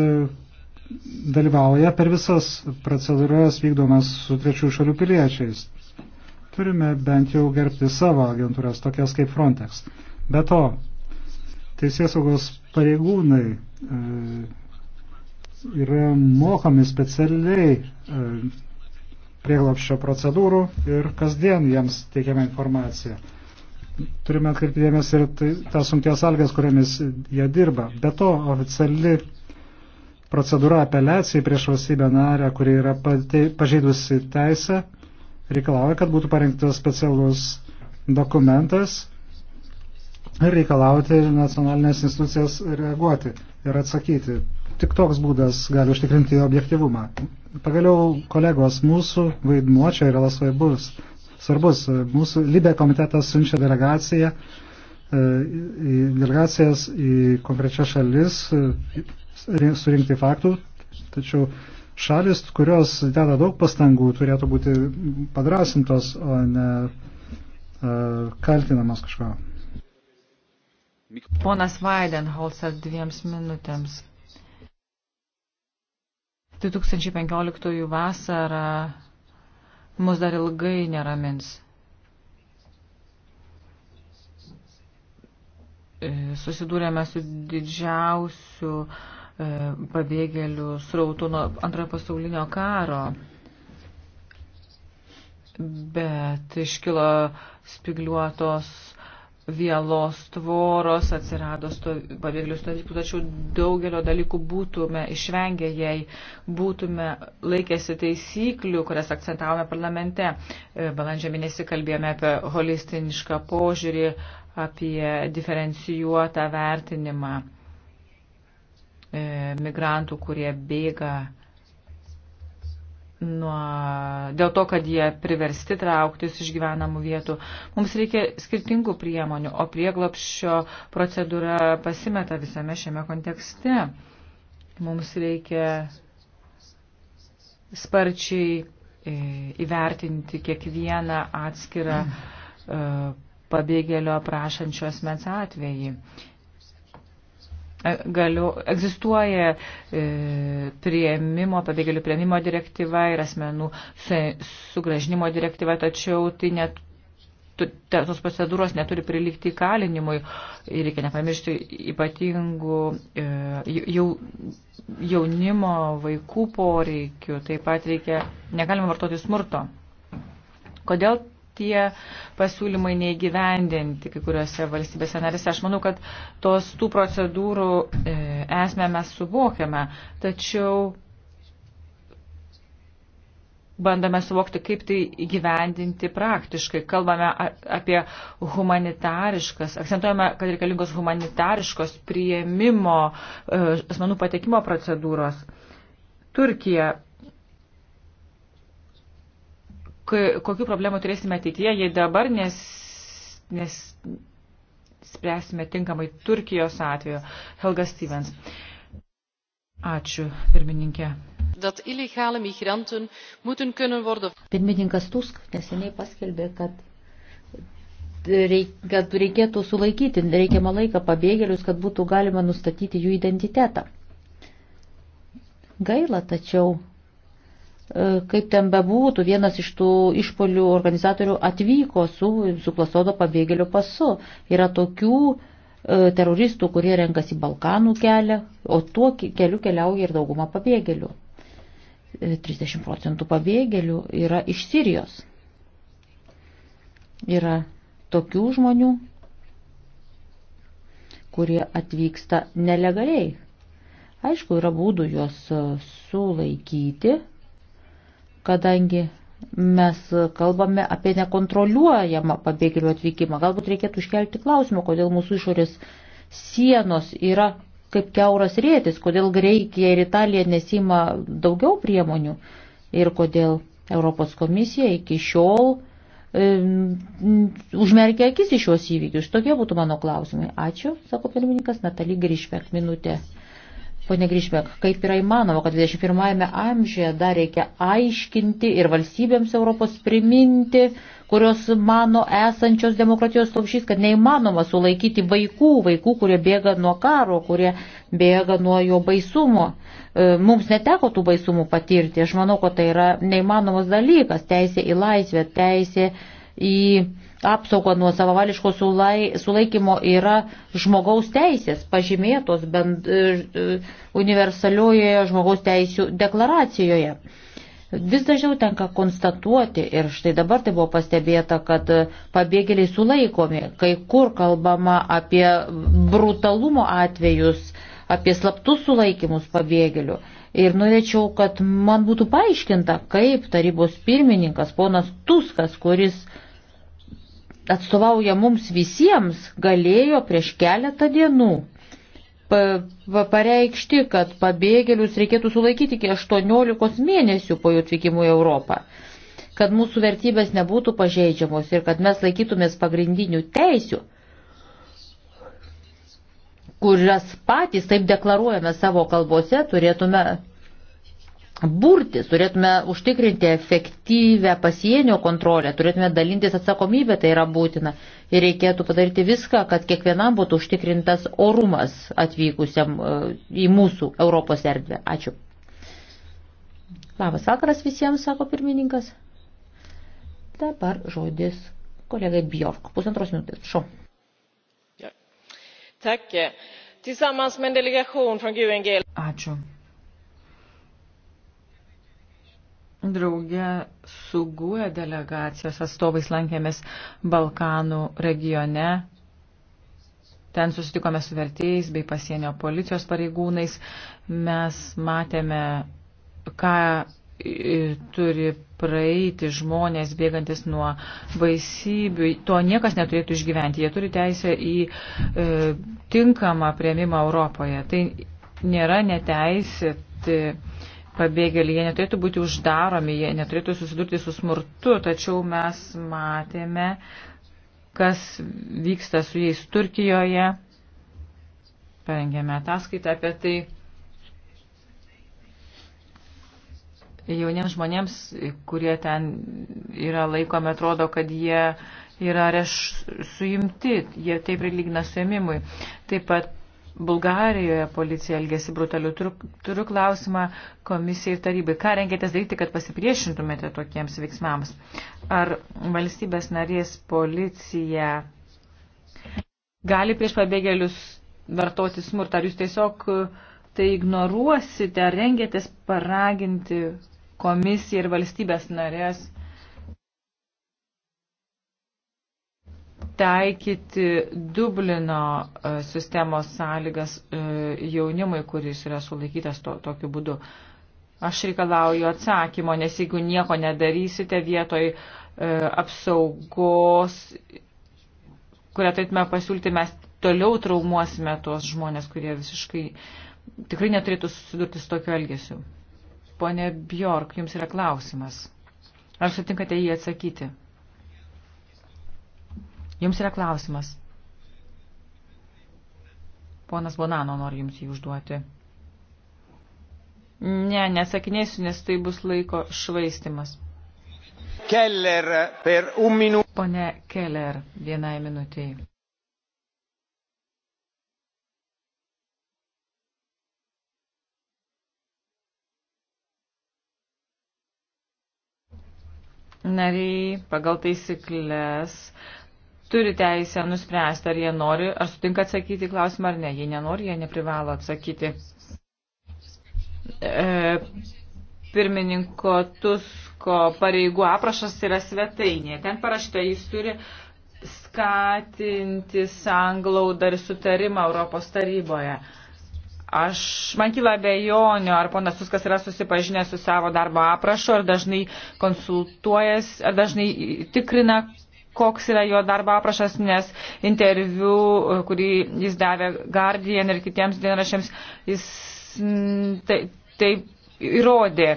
dalyvauja per visas procedūras vykdomas su trečių šalių piliečiais. Turime bent jau gerbti savo agentūras, tokias kaip Frontex. Be to, teisėsaugos pareigūnai e, yra mokomi specialiai e, prieglapščio procedūrų ir kasdien jiems teikiama informacija turime atkreipti dėmesį ir tai, tas sunkias algas, kuriamis jie dirba. Be to, oficiali procedūra apeliacijai prieš valstybę narę, kuri yra pažeidusi teisę, reikalauja, kad būtų parengtas specialus dokumentas ir reikalauti nacionalinės institucijas reaguoti ir atsakyti. Tik toks būdas gali užtikrinti objektivumą. Pagaliau, kolegos, mūsų vaidmuo čia yra svarbus svarbus. Mūsų Libė komitetas siunčia delegaciją, e, delegacijas į konkrečias šalis e, surinkti faktų, tačiau šalis, kurios deda daug pastangų, turėtų būti padrasintos, o ne e, kaltinamas kažko. Ponas Vaidenholzer dviems minutėms. 2015 vasarą mus dar ilgai neramins. E, susidūrėme su didžiausiu e, pabėgėlių srautu nuo antrojo pasaulinio karo, bet iškilo spigliuotos vielos tvoros, atsirado sto, pabėgėlių stovyklų, tačiau daugelio dalykų būtume išvengę, jei būtume laikėsi taisyklių, kurias akcentavome parlamente. E, balandžio mėnesį kalbėjome apie holistinišką požiūrį, apie diferencijuotą vertinimą e, migrantų, kurie bėga nuo, dėl to, kad jie priversti trauktis iš gyvenamų vietų. Mums reikia skirtingų priemonių, o prieglapščio procedūra pasimeta visame šiame kontekste. Mums reikia sparčiai e, įvertinti kiekvieną atskirą e, pabėgėlio prašančio asmens atvejį. E, galiu, egzistuoja e, prieimimo, pabėgėlių prieimimo direktyva ir asmenų su, sugražinimo direktyva, tačiau tai net tos procedūros neturi prilikti įkalinimui. Ir reikia nepamiršti ypatingų e, jau, jaunimo vaikų poreikių. Taip pat reikia, negalima vartoti smurto. Kodėl tie pasiūlymai neįgyvendinti kai kuriuose valstybėse narėse. Aš manau, kad tos tų procedūrų e, esmę mes suvokiame, tačiau bandome suvokti, kaip tai įgyvendinti praktiškai. Kalbame apie humanitariškas, akcentuojame, kad reikalingos humanitariškos prieimimo e, asmenų patekimo procedūros. Turkija kokių problemų turėsime ateityje, jei dabar nes, nes spręsime tinkamai Turkijos atveju. Helga Stevens. Ačiū, pirmininkė. Pirmininkas Tusk neseniai paskelbė, kad kad reikėtų sulaikyti reikiamą laiką pabėgėlius, kad būtų galima nustatyti jų identitetą. Gaila, tačiau E, kaip ten bebūtų, vienas iš tų išpolių organizatorių atvyko su suklasodo pabėgėlių pasu. Yra tokių e, teroristų, kurie renkasi Balkanų kelią, o tuo keliu keliauja ir dauguma pabėgėlių. 30 e, procentų pabėgėlių yra iš Sirijos. Yra tokių žmonių, kurie atvyksta nelegaliai. Aišku, yra būdų juos sulaikyti kadangi mes kalbame apie nekontroliuojamą pabėgėlių atvykimą. Galbūt reikėtų iškelti klausimą, kodėl mūsų išorės sienos yra kaip keuras rėtis, kodėl Graikija ir Italija nesima daugiau priemonių ir kodėl Europos komisija iki šiol e, užmerkia akis į šios įvykius. Tokie būtų mano klausimai. Ačiū, sako pirmininkas Natalija Grįžbek minutė. Pone Grįžbek, kaip yra įmanoma, kad 21-ame amžiuje dar reikia aiškinti ir valstybėms Europos priminti, kurios mano esančios demokratijos lopšys, kad neįmanoma sulaikyti vaikų, vaikų, kurie bėga nuo karo, kurie bėga nuo jo baisumo. E, mums neteko tų baisumų patirti. Aš manau, kad tai yra neįmanomas dalykas. Teisė į laisvę, teisė į apsauga nuo savavališko sulai, sulaikymo yra žmogaus teisės pažymėtos bend, e, e, universaliojoje žmogaus teisų deklaracijoje. Vis dažniau tenka konstatuoti ir štai dabar tai buvo pastebėta, kad pabėgėliai sulaikomi, kai kur kalbama apie brutalumo atvejus, apie slaptus sulaikymus pabėgėlių. Ir norėčiau, kad man būtų paaiškinta, kaip tarybos pirmininkas ponas Tuskas, kuris uh, atstovauja mums visiems, galėjo prieš keletą dienų pareikšti, kad pabėgėlius reikėtų sulaikyti iki 18 mėnesių po jų atvykimų į Europą, kad mūsų vertybės nebūtų pažeidžiamos ir kad mes laikytumės pagrindinių teisių, kurias patys taip deklaruojame savo kalbose, turėtume burtis, turėtume užtikrinti efektyvę pasienio kontrolę, turėtume dalintis atsakomybę, tai yra būtina. Ir reikėtų padaryti viską, kad kiekvienam būtų užtikrintas orumas atvykusiam e, į mūsų Europos erdvę. Ačiū. Labas vakaras visiems, sako pirmininkas. Dabar žodis kolegai Bjork. Pusantros minutės. Šau. Ačiū. Drauge su GUE delegacijos atstovais lankėmės Balkanų regione. Ten susitikome su vertėjais bei pasienio policijos pareigūnais. Mes matėme, ką turi praeiti žmonės bėgantis nuo baisybių. To niekas neturėtų išgyventi. Jie turi teisę į e, tinkamą prieimimą Europoje. Tai nėra neteisėti pabėgėliai, jie neturėtų būti uždaromi, jie neturėtų susidurti su smurtu, tačiau mes matėme, kas vyksta su jais Turkijoje. Parengėme ataskaitą apie tai. Jauniems žmonėms, kurie ten yra laikomi, atrodo, kad jie yra reš, suimti, jie taip prilygina suėmimui. Taip pat Bulgarijoje policija elgėsi brutaliu. Turiu, turiu klausimą komisijai ir tarybai. Ką rengėtės daryti, kad pasipriešintumėte tokiems veiksmams? Ar valstybės narės policija gali prieš pabėgėlius vartoti smurtą? Ar jūs tiesiog e, tai ignoruosite? Ar rengėtės paraginti komisiją ir valstybės narės taikyti Dublino e, sistemos sąlygas e, jaunimui, kuris yra sulaikytas to, tokiu būdu. Aš reikalauju atsakymo, nes jeigu nieko nedarysite vietoj e, apsaugos, kurią turėtume pasiūlyti, mes toliau traumuosime tuos žmonės, kurie visiškai tikrai neturėtų susidurti su tokiu elgesiu. Pone Bjork, jums yra klausimas. Ar sutinkate jį atsakyti? Jums yra klausimas. Ponas Bonano nori jums jį užduoti. Ne, nesakinėsiu, nes tai bus laiko švaistimas. Keller per un minut. Pone Keller, vienai minutiai. Nariai pagal taisyklės turi teisę nuspręsti, ar jie nori, ar sutinka atsakyti klausimą ar ne. Jei nenori, jie neprivalo atsakyti. E, pirmininko Tusko pareigų aprašas yra svetainė. Ten parašyta, jis turi skatinti sanglaudą ir sutarimą Europos taryboje. Aš, man kyla bejonių, ar ponas Suskas yra susipažinęs su savo darbo aprašu, ar dažnai konsultuojas, ar dažnai tikrina, koks yra jo darbo aprašas, nes interviu, e, kurį jis davė Guardian ir kitiems dienrašiams, jis tai, tai įrodė,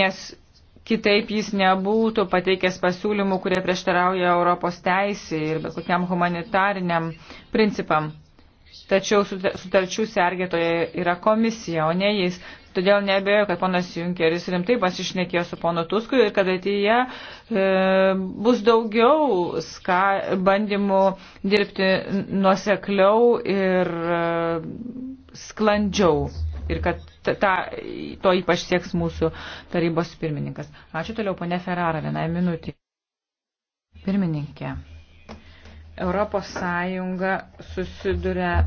nes kitaip jis nebūtų pateikęs pasiūlymų, kurie prieštarauja Europos teisį ir bet kokiam humanitariniam principam. Tačiau sutarčių sergėtoje yra komisija, o ne jais. Todėl nebejoju, kad ponas Junkeris rimtai pasišnekėjo su ponu Tusku ir kad ateityje e, bus daugiau ska, bandymų dirbti nuosekliau ir e, sklandžiau. Ir kad ta, ta, to ypač sieks mūsų tarybos pirmininkas. Ačiū toliau, ponė Ferrara, vienai minutį. Pirmininkė. Europos Sąjunga susiduria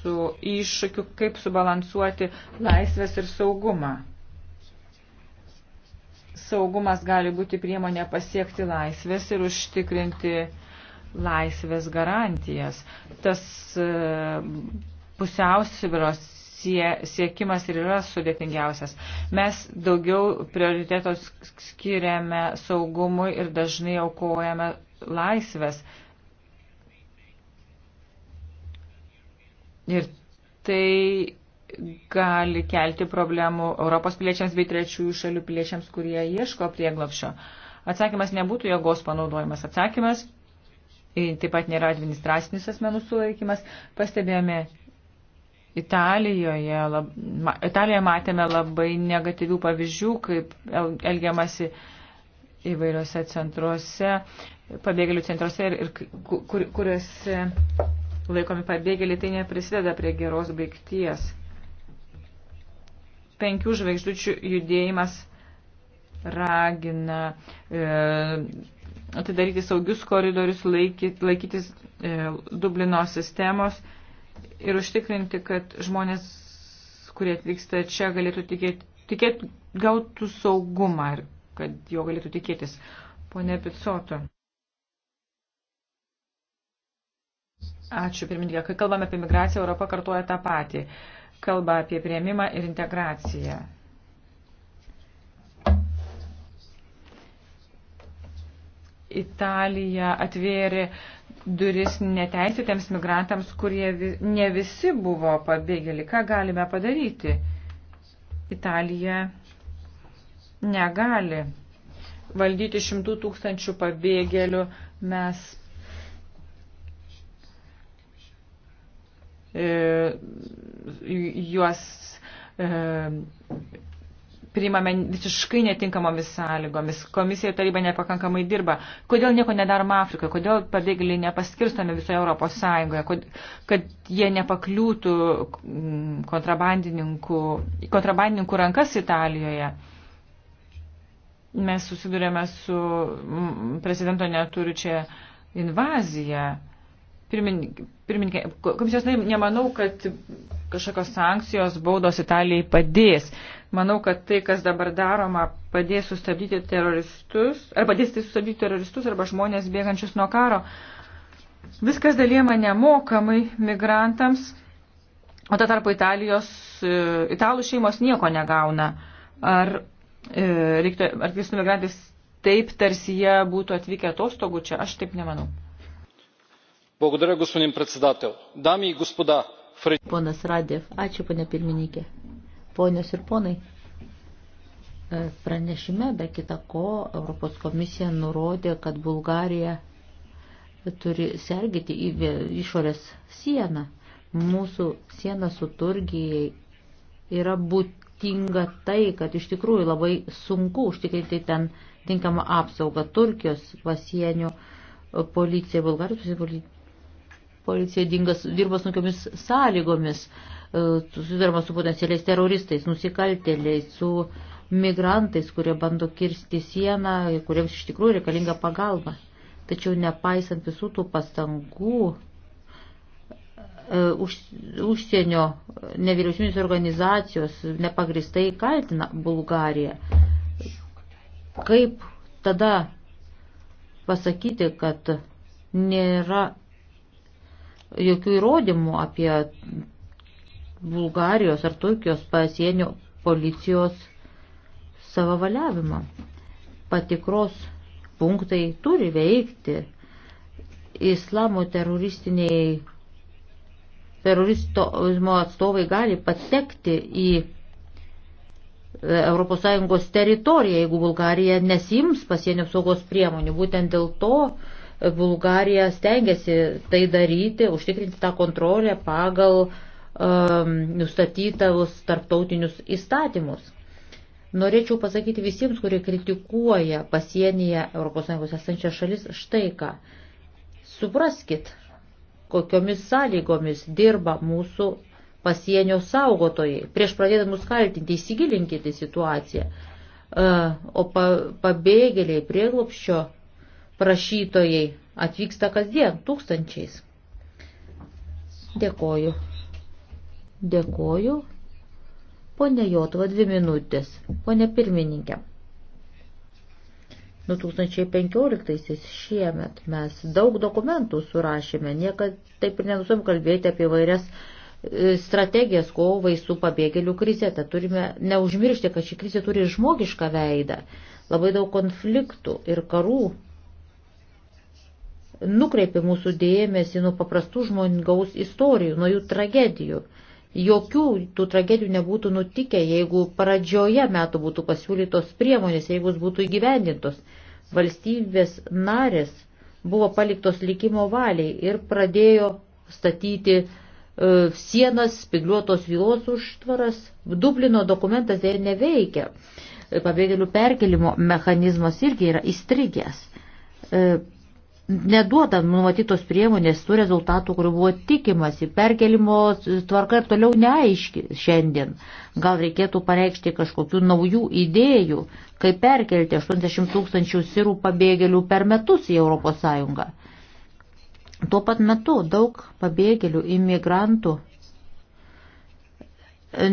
su iššūkiu, kaip subalansuoti laisvės ir saugumą. Saugumas gali būti priemonė pasiekti laisvės ir užtikrinti laisvės garantijas. Tas e, pusiausvyros sie, siekimas ir yra sudėtingiausias. Mes daugiau prioritetos skiriame saugumui ir dažnai aukojame laisvės. Ir tai gali kelti problemų Europos piliečiams bei trečiųjų šalių piliečiams, kurie ieško prieglapšio. Atsakymas nebūtų jėgos panaudojimas. Atsakymas taip pat nėra administracinis asmenų sulaikimas. Pastebėjome Italijoje, lab, ma, Italijoje matėme labai negatyvių pavyzdžių, kaip el, elgiamasi įvairiose centruose, pabėgėlių centruose ir, ir kur, kur, kuriuose laikomi pabėgėliai, tai neprisideda prie geros baigties. Penkių žvaigždučių judėjimas ragina e, atidaryti saugius koridorius, laikyt, laikytis e, Dublino sistemos ir užtikrinti, kad žmonės, kurie atvyksta čia, galėtų tikėti, tikėti gautų saugumą ir kad jo galėtų tikėtis. Pone Picoto. Ačiū, pirmininkė. Kai kalbame apie migraciją, Europa kartuoja tą patį. Kalba apie prieimimą ir integraciją. Italija atvėrė duris neteisėtiems migrantams, kurie ne visi buvo pabėgėliai. Ką galime padaryti? Italija negali valdyti šimtų tūkstančių pabėgėlių. Mes E, juos e, priimame visiškai netinkamomis sąlygomis. Komisija taryba nepakankamai dirba. Kodėl nieko nedaroma Afrikoje? Kodėl pabėgėliai nepaskirstomi visoje Europos Sąjungoje? Kod, kad jie nepakliūtų mm, kontrabandininkų, kontrabandininkų rankas Italijoje? Mes susidurėme su mm, prezidento neturiu čia invaziją Pirmininkė, komisijos nariai, nemanau, kad kažkokios sankcijos baudos Italijai padės. Manau, kad tai, kas dabar daroma, padės sustabdyti teroristus, ar padės tai sustabdyti teroristus, arba žmonės bėgančius nuo karo. Viskas dalyjama nemokamai migrantams, o ta tarpu Italijos, e, italų šeimos nieko negauna. Ar, e, reiktų, ar kristų migrantis taip, tarsi jie būtų atvykę atostogų čia, aš taip nemanau. Благодаря, господин председател. Дами и господа. Фред... Ponas Radėv, ačiū, ponė pirmininkė. Ponios ir ponai, pranešime be kita ko Europos komisija nurodė, kad Bulgarija turi sergyti į išorės sieną. Mūsų siena su Turgijai yra būtinga tai, kad iš tikrųjų labai sunku užtikrinti ten tinkamą apsaugą Turkijos pasienio policija, Bulgarijos policija policija dingas, dirba sunkiomis sąlygomis, e, susidaroma su potencialiais teroristais, nusikaltėliais, su migrantais, kurie bando kirsti sieną, kuriems iš tikrųjų reikalinga pagalba. Tačiau nepaisant visų tų pastangų, e, už, užsienio nevyriausybinės organizacijos nepagristai kaltina Bulgariją. Kaip tada pasakyti, kad nėra jokių įrodymų apie Bulgarijos ar Turkijos pasienio policijos savavaliavimą. Patikros punktai turi veikti. Islamo teroristiniai terorizmo atstovai gali patekti į ES teritoriją, jeigu Bulgarija nesims pasienio apsaugos priemonių. Būtent dėl to Bulgarija stengiasi tai daryti, užtikrinti tą kontrolę pagal um, nustatytavus tarptautinius įstatymus. Norėčiau pasakyti visiems, kurie kritikuoja pasienyje ES esančią šalis, štai ką. Supraskit, kokiomis sąlygomis dirba mūsų pasienio saugotojai. Prieš pradėdamus kaltinti, įsigilinkite situaciją. Uh, o pabėgėliai prieglopščio prašytojai atvyksta kasdien tūkstančiais. Dėkoju. Dėkoju. Pone Jotva, dvi minutės. Pone pirmininkė. 2015 šiemet mes daug dokumentų surašėme, niekad taip ir nenusom kalbėti apie vairias e, strategijas kovai su pabėgėlių krize. Tad turime neužmiršti, kad ši krizė turi žmogišką veidą, labai daug konfliktų ir karų nukreipė mūsų dėmesį nuo paprastų žmogaus istorijų, nuo jų tragedijų. Jokių tų tragedijų nebūtų nutikę, jeigu pradžioje metų būtų pasiūlytos priemonės, jeigu jos būtų įgyvendintos. Valstybės narės buvo paliktos likimo valiai ir pradėjo statyti e, sienas, spigliuotos vilos užtvaras, Dublino dokumentas jie neveikia, e, pabėgėlių perkelimo mechanizmas irgi yra įstrigęs. E, neduoda numatytos priemonės tų rezultatų, kurių buvo tikimasi, perkelimo tvarka ir toliau neaiški šiandien. Gal reikėtų pareikšti kažkokių naujų idėjų, kaip perkelti 80 tūkstančių sirų pabėgėlių per metus į ES. Tuo pat metu daug pabėgėlių, imigrantų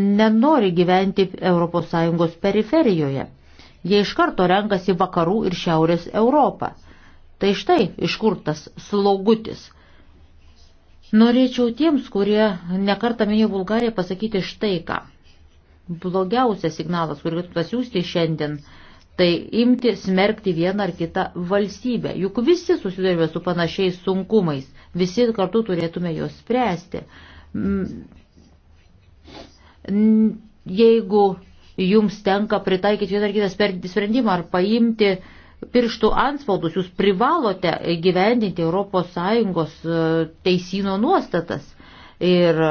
nenori gyventi ES periferijoje. Jie iš karto renkasi vakarų ir šiaurės Europą Tai štai iš kur tas slogutis. Norėčiau tiems, kurie nekartą minėjo Bulgariją, pasakyti štai ką. Blogiausias signalas, kurį galėtų pasiūsti šiandien, tai imti smerkti vieną ar kitą valstybę. Juk visi susidurime su panašiais sunkumais, visi kartu turėtume juos spręsti. Jeigu jums tenka pritaikyti vieną ar kitą sprendimą ar paimti uh, pirštų anspaudus, jūs privalote gyvendinti ES e, teisino nuostatas. Ir e,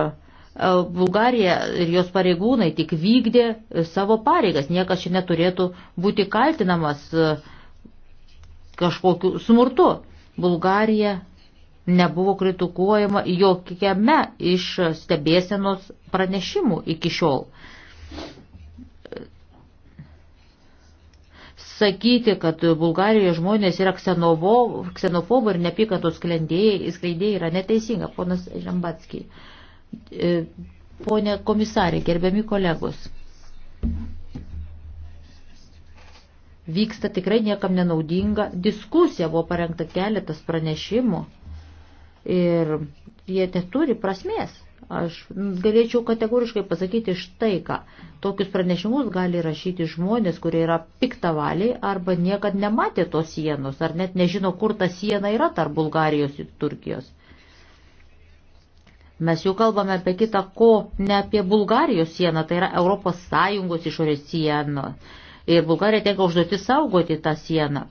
Bulgarija ir jos pareigūnai tik vykdė e, savo pareigas, niekas čia neturėtų būti kaltinamas kažkokiu smurtu. Bulgarija nebuvo kritikuojama jokiame iš stebėsenos pranešimų iki šiol. sakyti, kad Bulgarijoje žmonės yra ksenofobų ir nepykantos skleidėjai yra neteisinga, ponas Žambatskiai. E, pone komisarė, gerbiami kolegos, vyksta tikrai niekam nenaudinga diskusija, buvo parengta keletas pranešimų ir jie neturi prasmės. Aš galėčiau kategoriškai pasakyti štai ką. Tokius pranešimus gali rašyti žmonės, kurie yra piktavaliai arba niekad nematė tos sienos, ar net nežino, kur ta siena yra tarp Bulgarijos ir Turkijos. Mes jau kalbame apie kitą ko, ne apie Bulgarijos sieną, tai yra Europos Sąjungos išorės sieną. Ir Bulgarija tenka užduoti saugoti tą sieną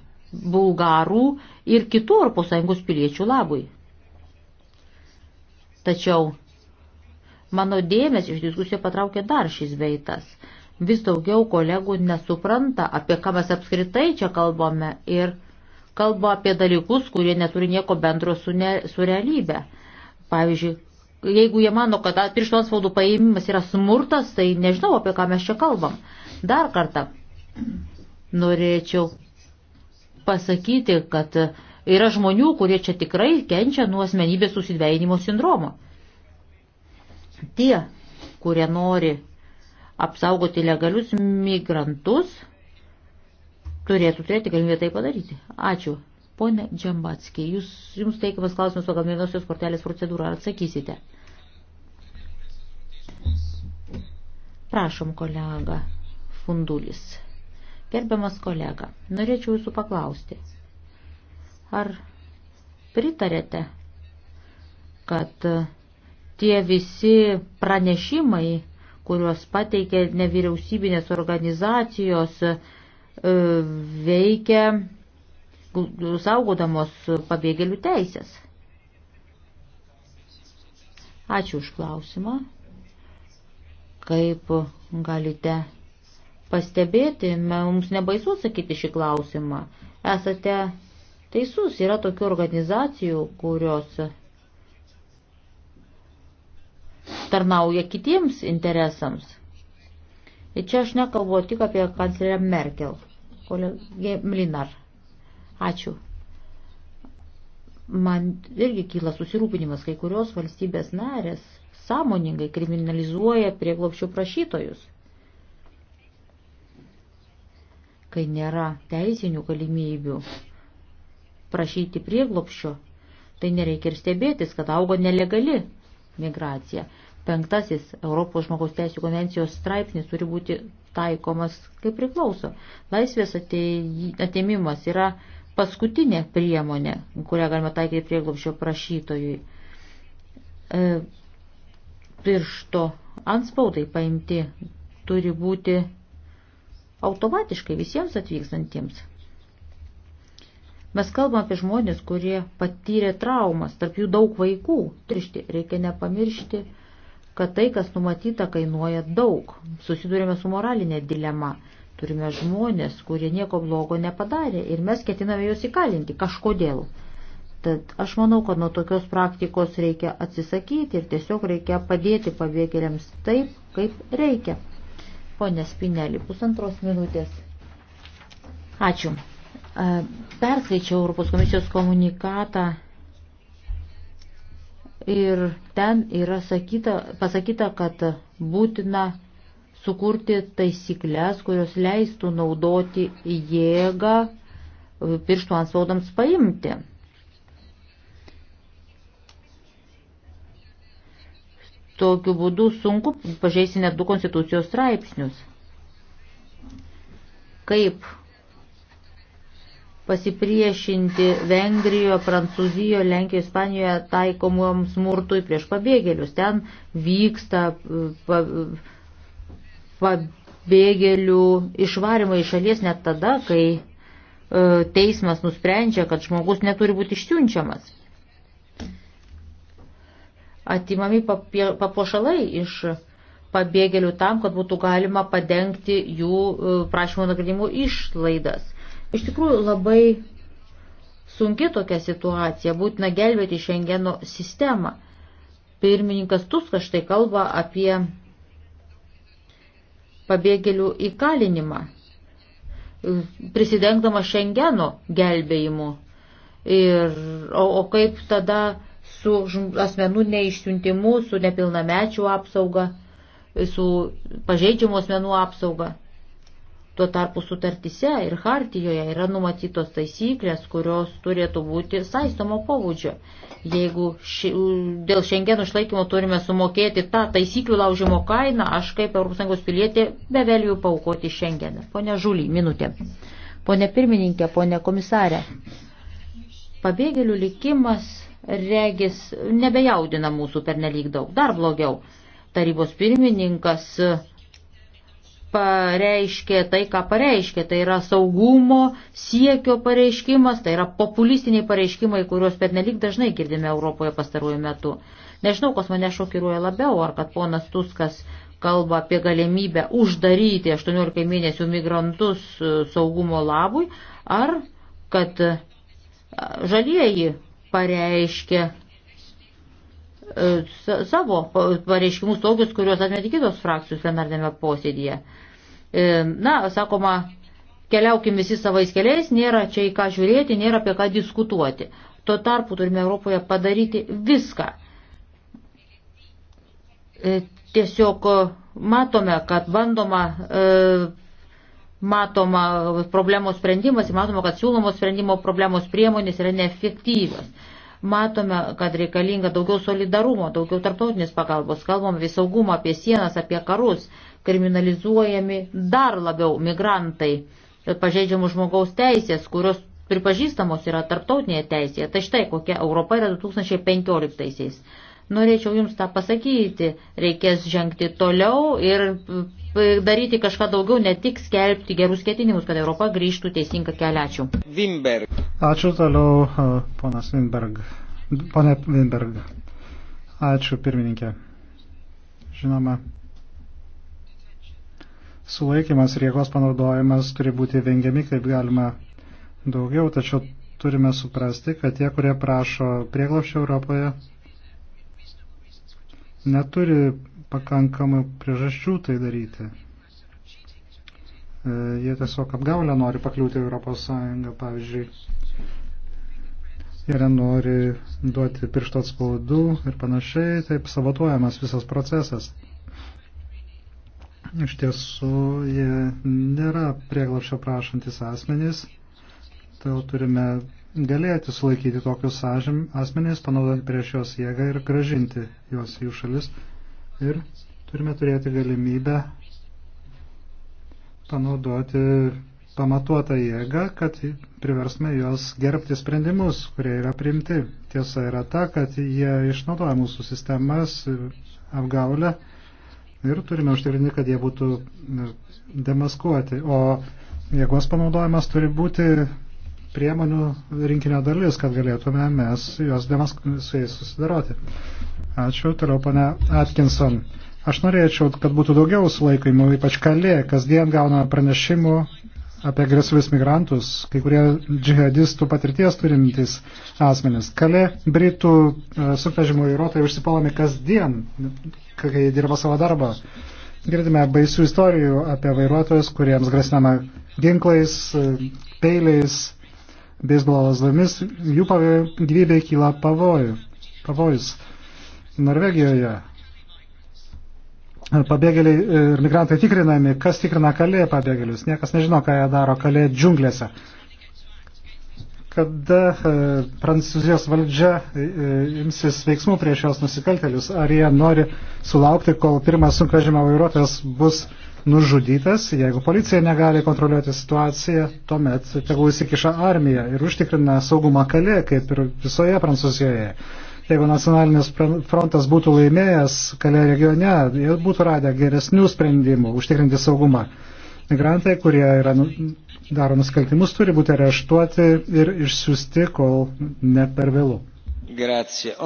bulgarų ir kitų Europos Sąjungos piliečių labui. Tačiau Mano dėmesį iš diskusijų patraukė dar šis veitas. Vis daugiau kolegų nesupranta, apie ką mes apskritai čia kalbame ir kalba apie dalykus, kurie neturi nieko bendro su, ne, su realybė. Pavyzdžiui, jeigu jie mano, kad pirštų atspaudų paėmimas yra smurtas, tai nežinau, apie ką mes čia kalbam. Dar kartą norėčiau pasakyti, kad yra žmonių, kurie čia tikrai kenčia nuo asmenybės susidveinimo sindromo tie, kurie nori apsaugoti legalius migrantus, turėtų turėti galimybę tai padaryti. Ačiū. Pone Džambatski, jūs, jums teikiamas klausimas pagal mėnosios kortelės procedūrą. Ar atsakysite? Prašom, kolega Fundulis. Gerbiamas kolega, norėčiau jūsų paklausti. Ar pritarėte, kad tie visi pranešimai, kuriuos pateikė nevyriausybinės organizacijos, e, veikia saugodamos pabėgėlių teisės. Ačiū už klausimą. Kaip galite pastebėti, mums nebaisu atsakyti šį klausimą. Esate teisus, yra tokių organizacijų, kurios tarnauja kitiems interesams. Ir čia aš nekalbu tik apie kanclerę Merkel, kolegė Mlinar. Ačiū. Man irgi kyla susirūpinimas, kai kurios valstybės narės sąmoningai kriminalizuoja prieglopščių prašytojus, kai nėra teisinių galimybių prašyti prieglopščio, tai nereikia ir stebėtis, kad auga nelegali migraciją. Penktasis Europos žmogaus teisų konvencijos straipsnis turi būti taikomas kaip priklauso. Laisvės atėmimas yra paskutinė priemonė, kurią galima taikyti prieglobščio prašytojui. E, piršto anspaudai paimti turi būti automatiškai visiems atvykstantiems. Mes kalbam apie žmonės, kurie patyrė traumas, tarp jų daug vaikų. Trišti, reikia nepamiršti, kad tai, kas numatyta, kainuoja daug. Susidurėme su moralinė dilema. Turime žmonės, kurie nieko blogo nepadarė ir mes ketiname juos įkalinti kažkodėl. Tad aš manau, kad nuo tokios praktikos reikia atsisakyti ir tiesiog reikia padėti pabėgėliams taip, kaip reikia. Pone Spinelį, pusantros minutės. Ačiū. Perskaičiau Europos komisijos komunikatą ir ten yra sakyta, pasakyta, kad būtina sukurti taisyklės, kurios leistų naudoti jėgą pirštų anspaudams paimti. Tokiu būdu sunku pažeisti net du konstitucijos straipsnius. Kaip pasipriešinti Vengrijoje, Prancūzijoje, Lenkijoje, Ispanijoje taikomam smurtui prieš pabėgėlius. Ten vyksta e, pabėgėlių išvarimai iš šalies net tada, kai e, teismas nusprendžia, kad žmogus neturi būti išsiunčiamas. Atimami papuošalai iš pabėgėlių tam, kad būtų galima padengti jų e, prašymo nagrinimų išlaidas. Iš tikrųjų labai sunki tokia situacija, būtina gelbėti Šengeno sistemą. Pirmininkas Tuskas štai kalba apie pabėgėlių įkalinimą, prisidengdama Šengeno gelbėjimu. Ir, o, o kaip tada su asmenų neišsiuntimu, su nepilnamečių apsauga, su pažeidžiamų asmenų apsauga. Tuo tarpu sutartise ir hartijoje yra numatytos taisyklės, kurios turėtų būti saistomo pobūdžio. Jeigu ši, dėl šiandienų išlaikymo turime sumokėti tą taisyklių laužimo kainą, aš kaip ES pilietė beveliu paukoti šiandieną. Pone Žulį, minutė. Pone pirmininkė, pone komisarė. Pabėgėlių likimas, regis, nebejaudina mūsų pernelyg daug. Dar blogiau. Tarybos pirmininkas pareiškė tai, ką pareiškė. Tai yra saugumo siekio pareiškimas, tai yra populistiniai pareiškimai, kuriuos per nelik dažnai girdime Europoje pastaruoju metu. Nežinau, kas mane šokiruoja labiau, ar kad ponas Tuskas kalba apie galimybę uždaryti 18 mėnesių migrantus e, saugumo labui, ar kad e, žalieji pareiškia e, savo pareiškimus tokius, kuriuos atmetė kitos frakcijos plenarnėme posėdėje. E, na, sakoma, keliaukim visi savais keliais, nėra čia į ką žiūrėti, nėra apie ką diskutuoti. Tuo tarpu turime Europoje padaryti viską. E, tiesiog matome, kad bandoma, e, matoma problemos sprendimas, matoma, kad siūlomos sprendimo problemos priemonės yra neefektyvios. Matome, kad reikalinga daugiau solidarumo, daugiau tarptautinės pagalbos, kalbam apie saugumą, apie sienas, apie karus kriminalizuojami dar labiau migrantai, pažeidžiamų žmogaus teisės, kurios pripažįstamos yra tarptautinėje teisėje. Tai štai kokia Europa yra 2015-aisiais. Norėčiau Jums tą pasakyti, reikės žengti toliau ir daryti kažką daugiau, ne tik skelbti gerus ketinimus, kad Europa grįžtų teisinga keliačių. Vimberg. Ačiū toliau, ponas Vimberg. Pone Vimberg. Ačiū, pirmininkė. Žinoma, sulaikimas ir jėgos panaudojimas turi būti vengiami kaip galima daugiau, tačiau turime suprasti, kad tie, kurie prašo prieglapščio Europoje, neturi pakankamų priežasčių tai daryti. E, jie tiesiog apgaulę nori pakliūti Europos Sąjungą, pavyzdžiui. Jie nori duoti piršto atspaudų ir panašiai, taip sabotuojamas visas procesas. Iš tiesų, jie nėra prieglapšio prašantis asmenys, todėl turime galėti sulaikyti tokius asmenys, panaudoti prieš juos jėgą ir gražinti juos į jų šalis. Ir turime turėti galimybę panaudoti pamatuotą jėgą, kad priversme juos gerbti sprendimus, kurie yra primti. Tiesa yra ta, kad jie išnaudoja mūsų sistemas apgaulę ir turime užtikrinti, kad jie būtų demaskuoti. O jėgos panaudojimas turi būti priemonių rinkinio dalis, kad galėtume mes juos su jais susidaroti. Ačiū, toliau pane Atkinson. Aš norėčiau, kad būtų daugiau sulaikymų, ypač kalė, kasdien gauna pranešimų apie agresyvius migrantus, kai kurie džihadistų patirties turintys asmenys. Kale Britų e, sunkvežimų vairuotojai užsipalami kasdien, kai dirba savo darbą. Girdime baisių istorijų apie vairuotojus, kuriems grasinama ginklais, e, peiliais, beisbolo lazdomis, jų gyvybė kyla pavojų. pavojus. Norvegijoje pabėgėliai ir migrantai tikrinami, kas tikrina kalė pabėgėlius. Niekas nežino, ką jie daro kalė džiunglėse. Kada e, prancūzijos valdžia e, imsis veiksmų prieš jos nusikaltelius, ar jie nori sulaukti, kol pirmas sunkvežimio vairuotojas bus nužudytas, jeigu policija negali kontroliuoti situaciją, tuomet tegul įsikiša armija ir užtikrina saugumą kalė, kaip ir visoje Prancūzijoje jeigu nacionalinis frontas būtų laimėjęs kalė regione, jie būtų radę geresnių sprendimų užtikrinti saugumą. Migrantai, kurie yra, nu, daro nusikaltimus, turi būti areštuoti ir išsiųsti, kol ne per vėlų.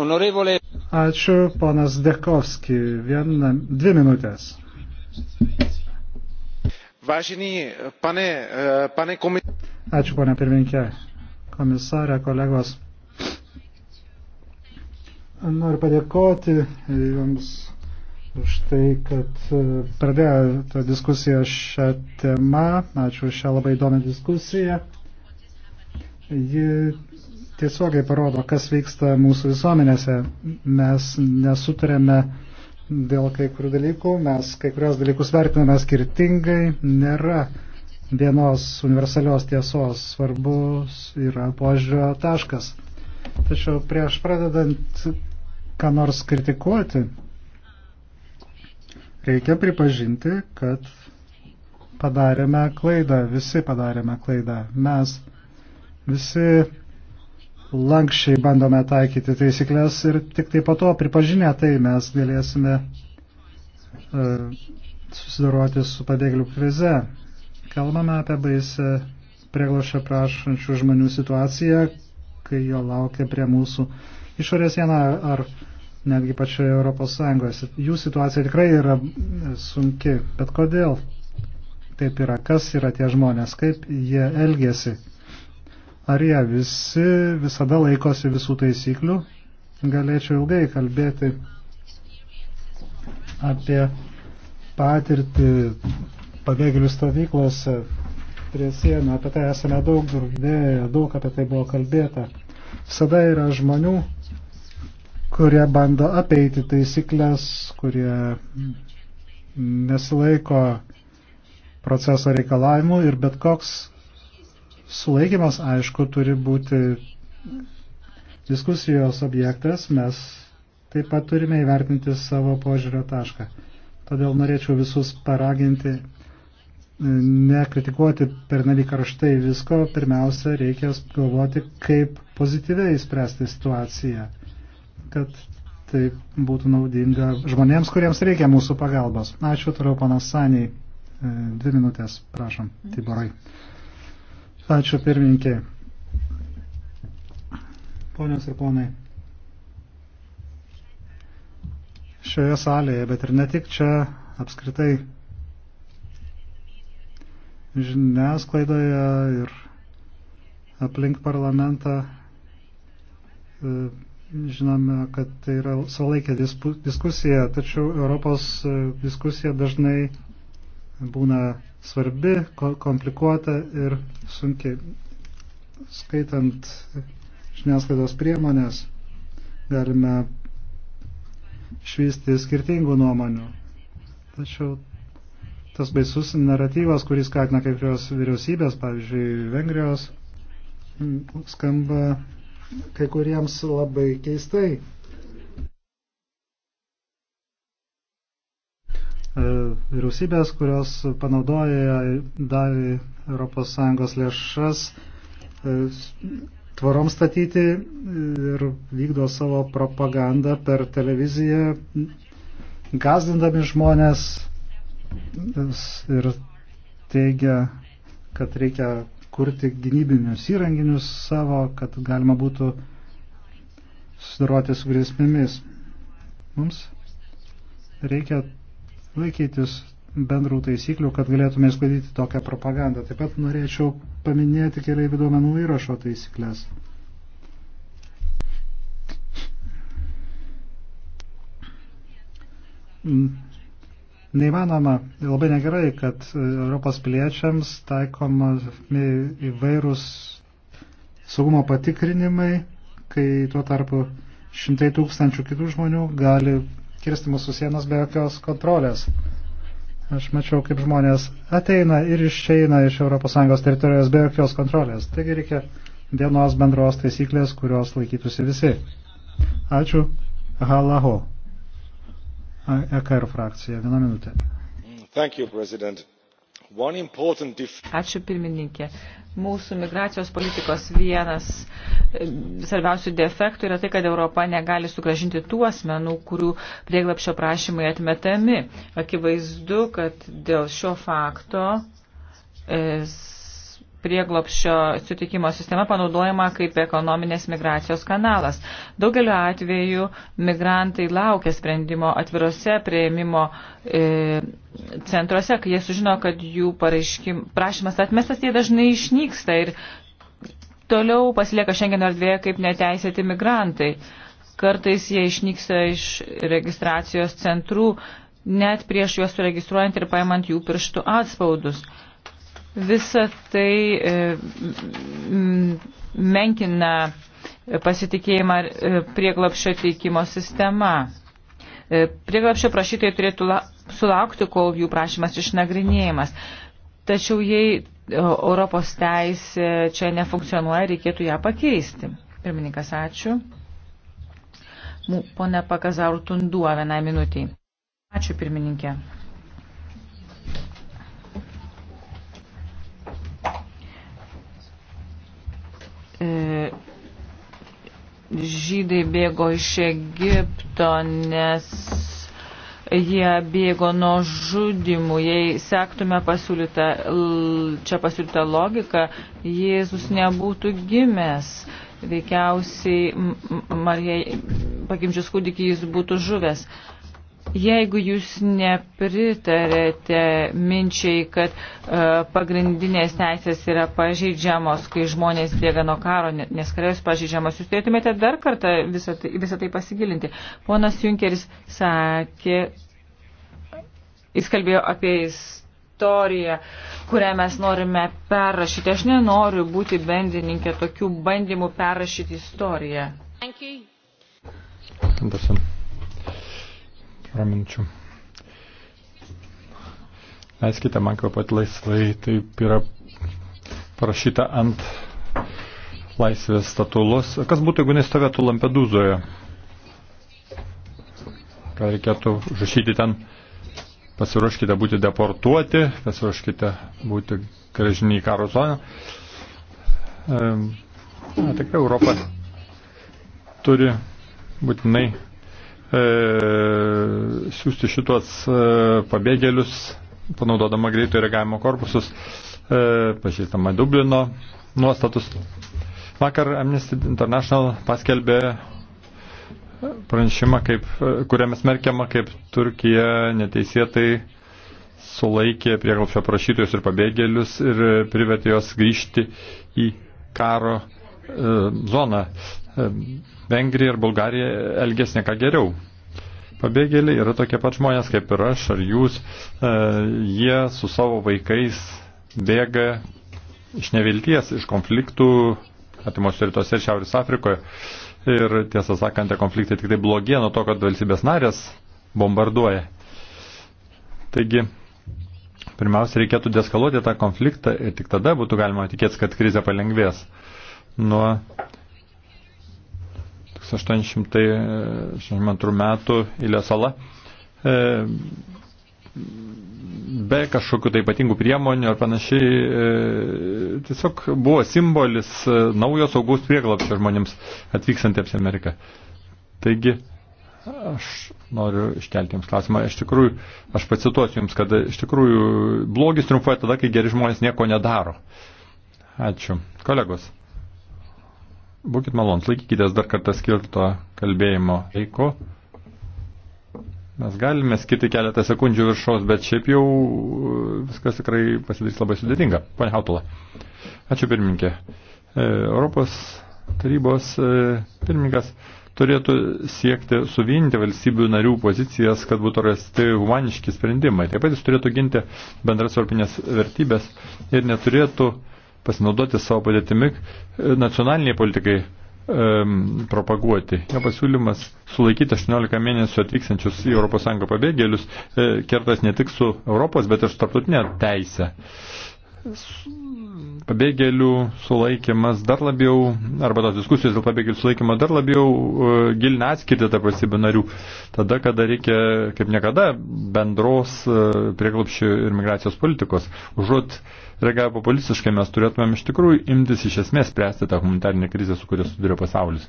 Onorevole... Ačiū, ponas Dekovski. Viena, dvi minutės. Vážený pane, eh, pane komis... Ačiū, ponia pirminkė. Komisarė, kolegos. Noriu padėkoti Jums už tai, kad e, pradėjote diskusiją šią temą. Ačiū už šią labai įdomią diskusiją. Ji tiesiogiai parodo, kas vyksta mūsų visuomenėse. Mes nesutarėme dėl kai kurių dalykų, mes kai kurios dalykus vertiname skirtingai. Nėra vienos universalios tiesos svarbus yra požiūrio taškas. Tačiau prieš pradedant ką nors kritikuoti, reikia pripažinti, kad padarėme klaidą, visi padarėme klaidą. Mes visi lankščiai bandome taikyti taisyklės ir tik tai po to pripažinę tai mes galėsime uh, susidoroti su pabėgėlių krize. Kalbame apie baisę prieglošę prašančių žmonių situaciją, kai jo laukia prie mūsų išorės siena ar netgi pačioje Europos Sąjungoje. Jų situacija tikrai yra e, sunki, bet kodėl taip yra, kas yra tie žmonės, kaip jie elgesi. Ar jie visi visada laikosi visų taisyklių? Galėčiau ilgai kalbėti apie patirtį pabėgėlių stovyklose prie sienų. Apie tai esame daug girdėję, daug apie tai buvo kalbėta. Visada yra žmonių, kurie bando apeiti taisyklės, kurie nesilaiko proceso reikalavimų ir bet koks sulaikimas, aišku, turi būti diskusijos objektas, mes taip pat turime įvertinti savo požiūrio tašką. Todėl norėčiau visus paraginti e, nekritikuoti pernelyg karštai visko, pirmiausia, reikia galvoti, kaip pozityviai spręsti situaciją kad tai būtų naudinga žmonėms, kuriems reikia mūsų pagalbos. Ačiū toliau, panas Saniai. E, dvi minutės, prašom, Tiborai. Ačiū pirmininkė. Ponios ir ponai. Šioje salėje, bet ir ne tik čia, apskritai žiniasklaidoje ir aplink parlamentą e, Žinome, kad tai yra savalaikė diskusija, tačiau Europos e, diskusija dažnai būna svarbi, komplikuota ir sunkiai. Skaitant žiniasklaidos priemonės, galime švysti skirtingų nuomonių. Tačiau tas baisus naratyvas, kurį skatina kai kurios vyriausybės, pavyzdžiui, Vengrijos, skamba kai kuriems labai keistai. E, vyriausybės, kurios panaudoja dalį ES lėšas e, tvarom statyti ir vykdo savo propagandą per televiziją, gazdindami žmonės e, ir teigia, kad reikia kurti gynybinius įranginius savo, kad galima būtų sudaroti su grėsmėmis. Mums reikia laikytis bendrų taisyklių, kad galėtume išsklaidyti tokią propagandą. Taip pat norėčiau paminėti keliaivių duomenų įrašo taisyklės. Mm Neįmanoma, labai negerai, kad e, Europos piliečiams taikoma įvairūs saugumo patikrinimai, kai tuo tarpu šimtai tūkstančių kitų žmonių gali kirsti mūsų sienas be jokios kontrolės. Aš mačiau, kaip žmonės ateina ir išeina iš ES teritorijos be jokios kontrolės. Taigi reikia vienos bendros taisyklės, kurios laikytųsi visi. Ačiū. Halaho. EKR frakcija. Vieną minutę. Thank you, President. Ačiū pirmininkė. Mūsų migracijos politikos vienas e, svarbiausių defektų yra tai, kad Europa negali sugražinti tų asmenų, kurių prieglapšio prašymai atmetami. Akivaizdu, kad dėl šio fakto e, prieglopščio sutikimo sistema panaudojama kaip ekonominės migracijos kanalas. Daugeliu atveju migrantai laukia sprendimo atvirose prieimimo e, centruose, kai jie sužino, kad jų pareiškim, prašymas atmestas, jie dažnai išnyksta ir toliau pasilieka šiandien erdvėje kaip neteisėti migrantai. Kartais jie išnyksta iš registracijos centrų, net prieš juos suregistruojant ir paimant jų pirštų atspaudus. Visa tai e, menkina pasitikėjimą e, prieglapšio teikimo sistema. E, prieglapšio prašytojai turėtų sulaukti, kol jų prašymas išnagrinėjimas. Tačiau jei Europos teisė čia nefunkcionuoja, reikėtų ją pakeisti. Pirmininkas, ačiū. Pone Pakazaur Tunduo, vienai minutiai. Ačiū pirmininkė. E, žydai bėgo iš Egipto, nes jie bėgo nuo žudimų. Jei sektume pasiūlytą, čia pasiūlytą logiką, Jėzus nebūtų gimęs. Veikiausiai Marija, pagimdžius kūdikį, jis būtų žuvęs. Jeigu jūs nepritarėte minčiai, kad e, pagrindinės teisės yra pažeidžiamos, kai žmonės bėga nuo karo, nes karalius pažeidžiamas, jūs turėtumėte dar kartą visą tai, visą tai pasigilinti. Ponas Junkeris sakė, jis kalbėjo apie istoriją, kurią mes norime perrašyti. Aš nenoriu būti bendininkė tokių bandymų perrašyti istoriją. Thank you. Dabar porą minčių. Leiskite man kvapat laisvai, taip yra parašyta ant laisvės statulos. Kas būtų, jeigu nestovėtų Lampedūzoje? Ką reikėtų žušyti ten? Pasiruoškite būti deportuoti, pasiruoškite būti gražiniai į karo zoną. Ehm, na, tikrai Europa turi būtinai E, siūsti šituos e, pabėgėlius, panaudodama greito reagavimo korpusus, e, pažįstama Dublino nuostatus. Vakar Amnesty International paskelbė pranešimą, kaip, kuriame smerkiama, kaip Turkija neteisėtai sulaikė prieglopšio prašytojus ir pabėgėlius ir privertė juos grįžti į karo e, zoną. E, Vengrija ir Bulgarija elgės neką geriau. Pabėgėliai yra tokie pat žmonės kaip ir aš ar jūs. E, jie su savo vaikais bėga iš nevilties, iš konfliktų atimos rytuose ir Šiaurės Afrikoje. Ir tiesą sakant, tie konfliktai tik tai blogė nuo to, kad valstybės narės bombarduoja. Taigi, pirmiausia, reikėtų deskaluoti tą konfliktą ir tik tada būtų galima tikėtis, kad krizė palengvės. Nuo 1862 metų Ilė sala. E, be kažkokių tai ypatingų priemonių ar panašiai, e, tiesiog buvo simbolis e, naujo saugaus prieglapščio žmonėms atvykstantiems į Ameriką. Taigi, aš noriu iškelti jums klausimą. Iš tikrųjų, aš pacituosiu jums, kad iš tikrųjų blogis triumfuoja tada, kai geri žmonės nieko nedaro. Ačiū. Kolegos. Būkit malons, laikykitės dar kartą skirto kalbėjimo laiko. Mes galime skirti keletą sekundžių viršaus, bet šiaip jau uh, viskas tikrai pasidarys labai sudėtinga. Pane Hautula. Ačiū pirmininkė. E, Europos tarybos e, pirmininkas turėtų siekti suvienyti valstybių narių pozicijas, kad būtų rasti humaniški sprendimai. Taip pat jis turėtų ginti bendras europinės vertybės ir neturėtų uh, pasinaudoti savo padėtimi e, nacionaliniai politikai e, propaguoti. Jo pasiūlymas sulaikyti 18 mėnesių atvykstančius į ES pabėgėlius e, kertas ne tik su Europos, bet ir su tarptautinė teisė. E, pabėgėlių sulaikimas dar labiau, arba tos diskusijos dėl pabėgėlių sulaikimo dar labiau e, gilina atskirti tarp valstybių narių, tada, kada reikia, kaip niekada, bendros e, prieglopščių ir migracijos politikos. Užuot reagavę populistiškai, mes turėtumėm iš tikrųjų imtis iš esmės spręsti tą humanitarinę krizę, su kuria suduria pasaulis.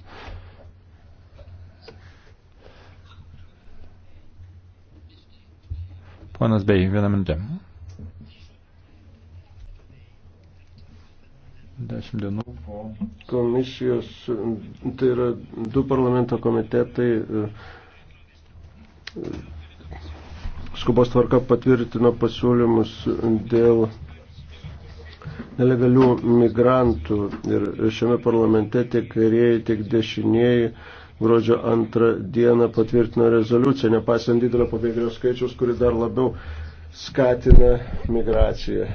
Ponas Bei, vieną minutę. Dešimt dienų po komisijos, tai yra du parlamento komitetai e, e, skubos tvarka patvirtino pasiūlymus dėl nelegalių migrantų ir šiame parlamente tiek kairieji, tiek dešinieji gruodžio antrą dieną patvirtino rezoliuciją, nepaisant didelio pabėgėlių skaičiaus, kuri dar labiau skatina migraciją.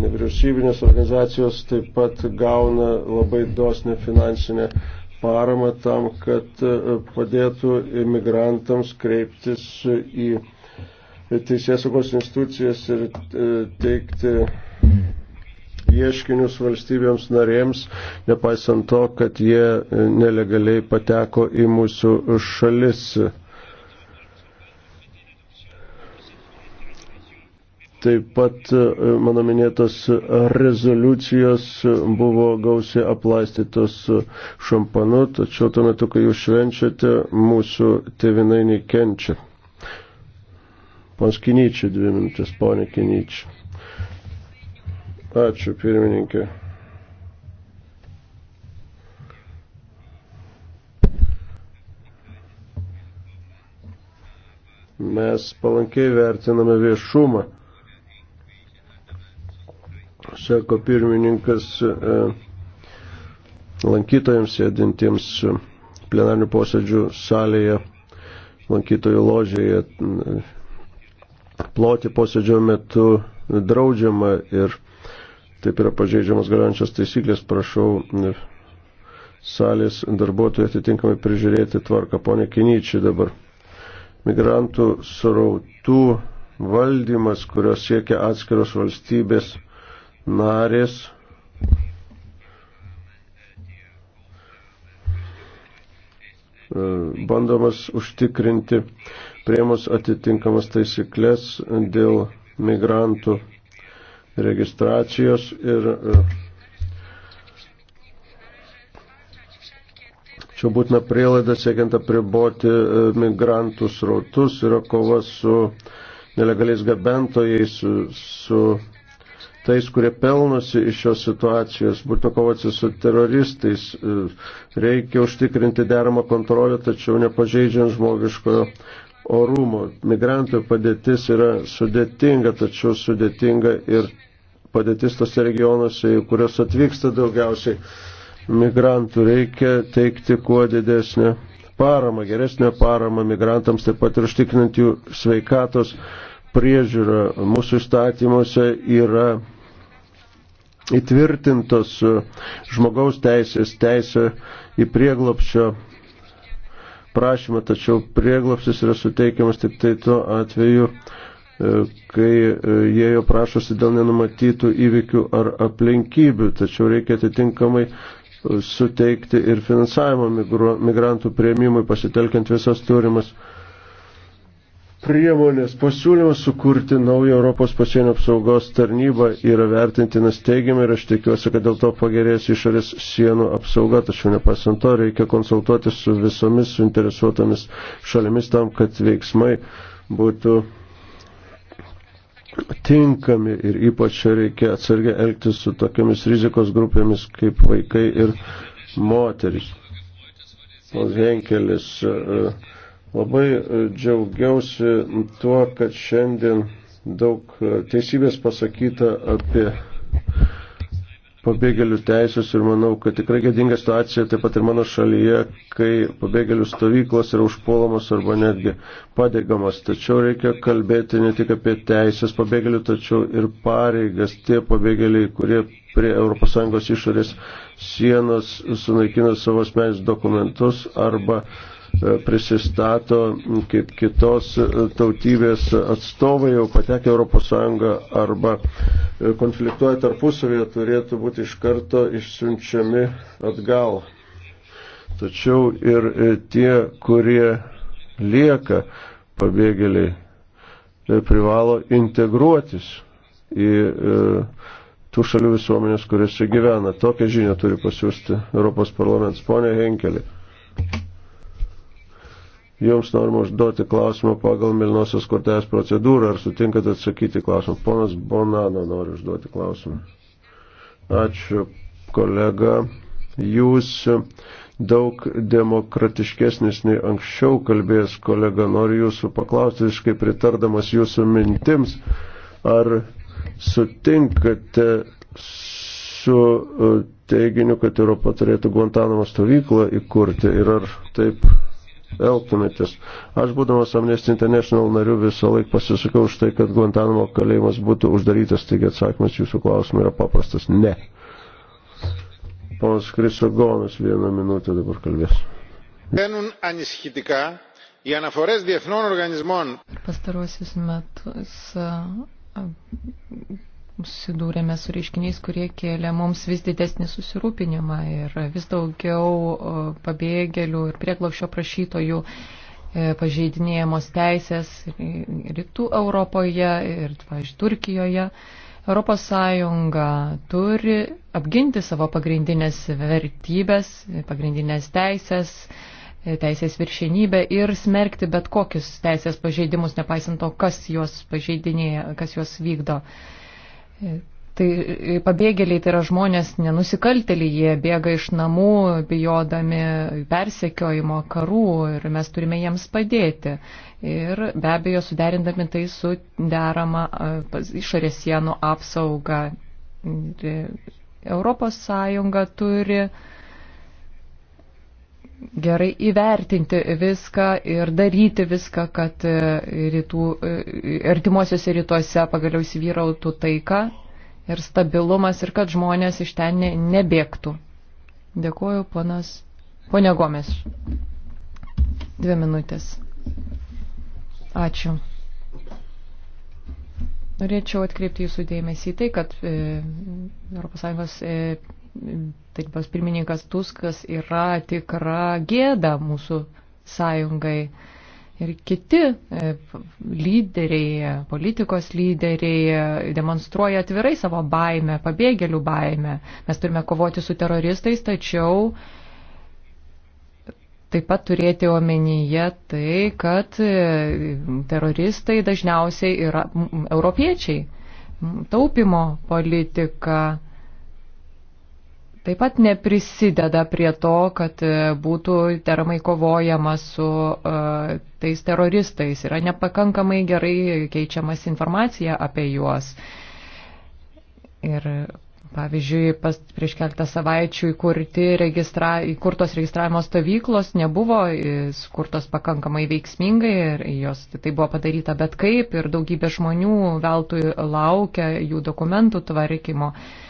Nevyriausybinės organizacijos taip pat gauna labai dosnę finansinę paramą tam, kad e, padėtų imigrantams kreiptis į teisėsaugos institucijas ir e, teikti ieškinius valstybėms narėms, nepaisant to, kad jie e, nelegaliai pateko į mūsų šalis. Taip pat e, mano minėtos rezoliucijos buvo gausiai aplaistytos šampanu, tačiau tuo metu, kai jūs švenčiate, mūsų tevinai nekenčia. Pons Kinyčiai, dvi minutės, ponė Kinyčiai. Ačiū, pirmininkė. Mes palankiai vertiname viešumą sako pirmininkas, e, lankytojams sėdintiems plenarnių posėdžių salėje, lankytojų ložėje, ploti posėdžio metu draudžiama ir taip yra pažeidžiamas galiojančias taisyklės, prašau salės darbuotojų atitinkamai prižiūrėti tvarką. Pone Kinyčiai dabar. Migrantų srautų valdymas, kurios siekia atskiros valstybės narės e, bandomas užtikrinti prieimus atitinkamas taisyklės dėl migrantų registracijos ir e, čia būtina prielaida siekiant apriboti e, migrantų srautus yra kova su nelegaliais gabentojais, su, su tais, kurie pelnosi iš šios situacijos, būtų kovoti su teroristais. Reikia užtikrinti deramą kontrolę, tačiau nepažeidžiant žmogiškojo orumo. Migrantų padėtis yra sudėtinga, tačiau sudėtinga ir padėtis tose regionuose, į kurias atvyksta daugiausiai migrantų. Reikia teikti kuo didesnę paramą, geresnę paramą migrantams, taip pat ir užtikrinant jų sveikatos priežiūrą. Mūsų įstatymuose yra įtvirtintos e, žmogaus teisės, teisė į prieglopščio prašymą, tačiau prieglopsis yra suteikiamas tik tai tuo atveju, e, kai e, jie jo prašosi dėl nenumatytų įvykių ar aplinkybių, tačiau reikia atitinkamai suteikti ir finansavimo migrantų prieimimui pasitelkiant visas turimas priemonės pasiūlymas sukurti naują Europos pasienio apsaugos tarnybą yra vertintinas teigiamai ir aš tikiuosi, kad dėl to pagerės išorės sienų apsauga, tačiau nepasant to reikia konsultuotis su visomis suinteresuotomis šalimis tam, kad veiksmai būtų tinkami ir ypač reikia atsargiai elgtis su tokiamis rizikos grupėmis kaip vaikai ir moteris. Henkelis. Uh, Labai e, džiaugiausi tuo, kad šiandien daug e, teisybės pasakyta apie pabėgėlių teisės ir manau, kad tikrai gėdinga situacija taip pat ir mano šalyje, kai pabėgėlių stovyklos yra užpuolamos arba netgi padėgamos. Tačiau reikia kalbėti ne tik apie teisės pabėgėlių, tačiau ir pareigas tie pabėgėliai, kurie prie ES išorės sienos sunaikina savo asmenis dokumentus arba uh, prisistato kaip kitos tautybės atstovai, jau patekę Europos Sąjungą arba konfliktuoja tarpusavėje, turėtų būti iš karto išsiunčiami atgal. Tačiau ir tie, kurie lieka pabėgėliai, e, privalo integruotis į e, tų šalių visuomenės, kuriuose gyvena. Tokią žinią turi pasiūsti Europos parlamentas. Pone Henkelė. Jums norima užduoti klausimą pagal Milnosios kortelės procedūrą. Ar sutinkate atsakyti klausimą? Ponas Bonano nori užduoti klausimą. Ačiū, kolega. Jūs daug demokratiškesnis nei anksčiau kalbėjęs kolega. Noriu jūsų paklausti, visiškai pritardamas jūsų mintims, ar sutinkate su e, teiginiu, kad Europa turėtų Guantanamo stovyklą įkurti ir ar taip elgtumėtės. Aš būdamas Amnesty International nariu visą laiką pasisakau už tai, kad Guantanamo kalėjimas būtų uždarytas, taigi atsakymas jūsų klausimą yra paprastas. Ne. Ponas Krisogonas vieną minutę dabar kalbės. Pastaruosius metus susidūrėme su reiškiniais, kurie kėlė mums vis didesnį susirūpinimą ir vis daugiau pabėgėlių ir prieglaušio prašytojų e, pažeidinėjamos teisės rytų Europoje ir, pavyzdžiui, Turkijoje. Europos Sąjunga turi apginti savo pagrindinės vertybės, pagrindinės teisės, e, teisės viršenybę ir smerkti bet kokius teisės pažeidimus, nepaisant to, kas juos pažeidinėja, kas juos vykdo. Uh, Tai pabėgėliai tai yra žmonės nenusikalteliai, jie bėga iš namų, bijodami persekiojimo karų ir mes turime jiems padėti. Ir be abejo, suderindami tai su derama išorės sienų apsauga. Europos Sąjunga turi uh, gerai įvertinti viską ir daryti viską, kad e, rytų, e, artimuosiuose rytuose pagaliau įsivyrautų taika ir stabilumas ir kad žmonės iš ten nebėgtų. Dėkuoju, ponas. Pone Gomes. Dvi minutės. Ačiū. Norėčiau atkreipti jūsų dėmesį į tai, kad ES e, tarybos pirmininkas Tuskas yra tikra gėda mūsų sąjungai. Ir kiti e, lyderiai, politikos lyderiai demonstruoja atvirai savo baimę, pabėgėlių baimę. Mes turime kovoti su teroristais, tačiau taip pat turėti omenyje tai, kad e, teroristai dažniausiai yra europiečiai. Taupimo politika taip pat neprisideda prie to, kad e, būtų deramai kovojama su uh, tais teroristais. Yra nepakankamai gerai keičiamas informacija apie juos. Ir Pavyzdžiui, pas, prieš keltą savaičių registra, įkurtos registravimo stovyklos nebuvo skurtos pakankamai veiksmingai ir jos tai buvo padaryta bet kaip ir daugybė žmonių veltui laukia jų dokumentų tvarkymo. Uh,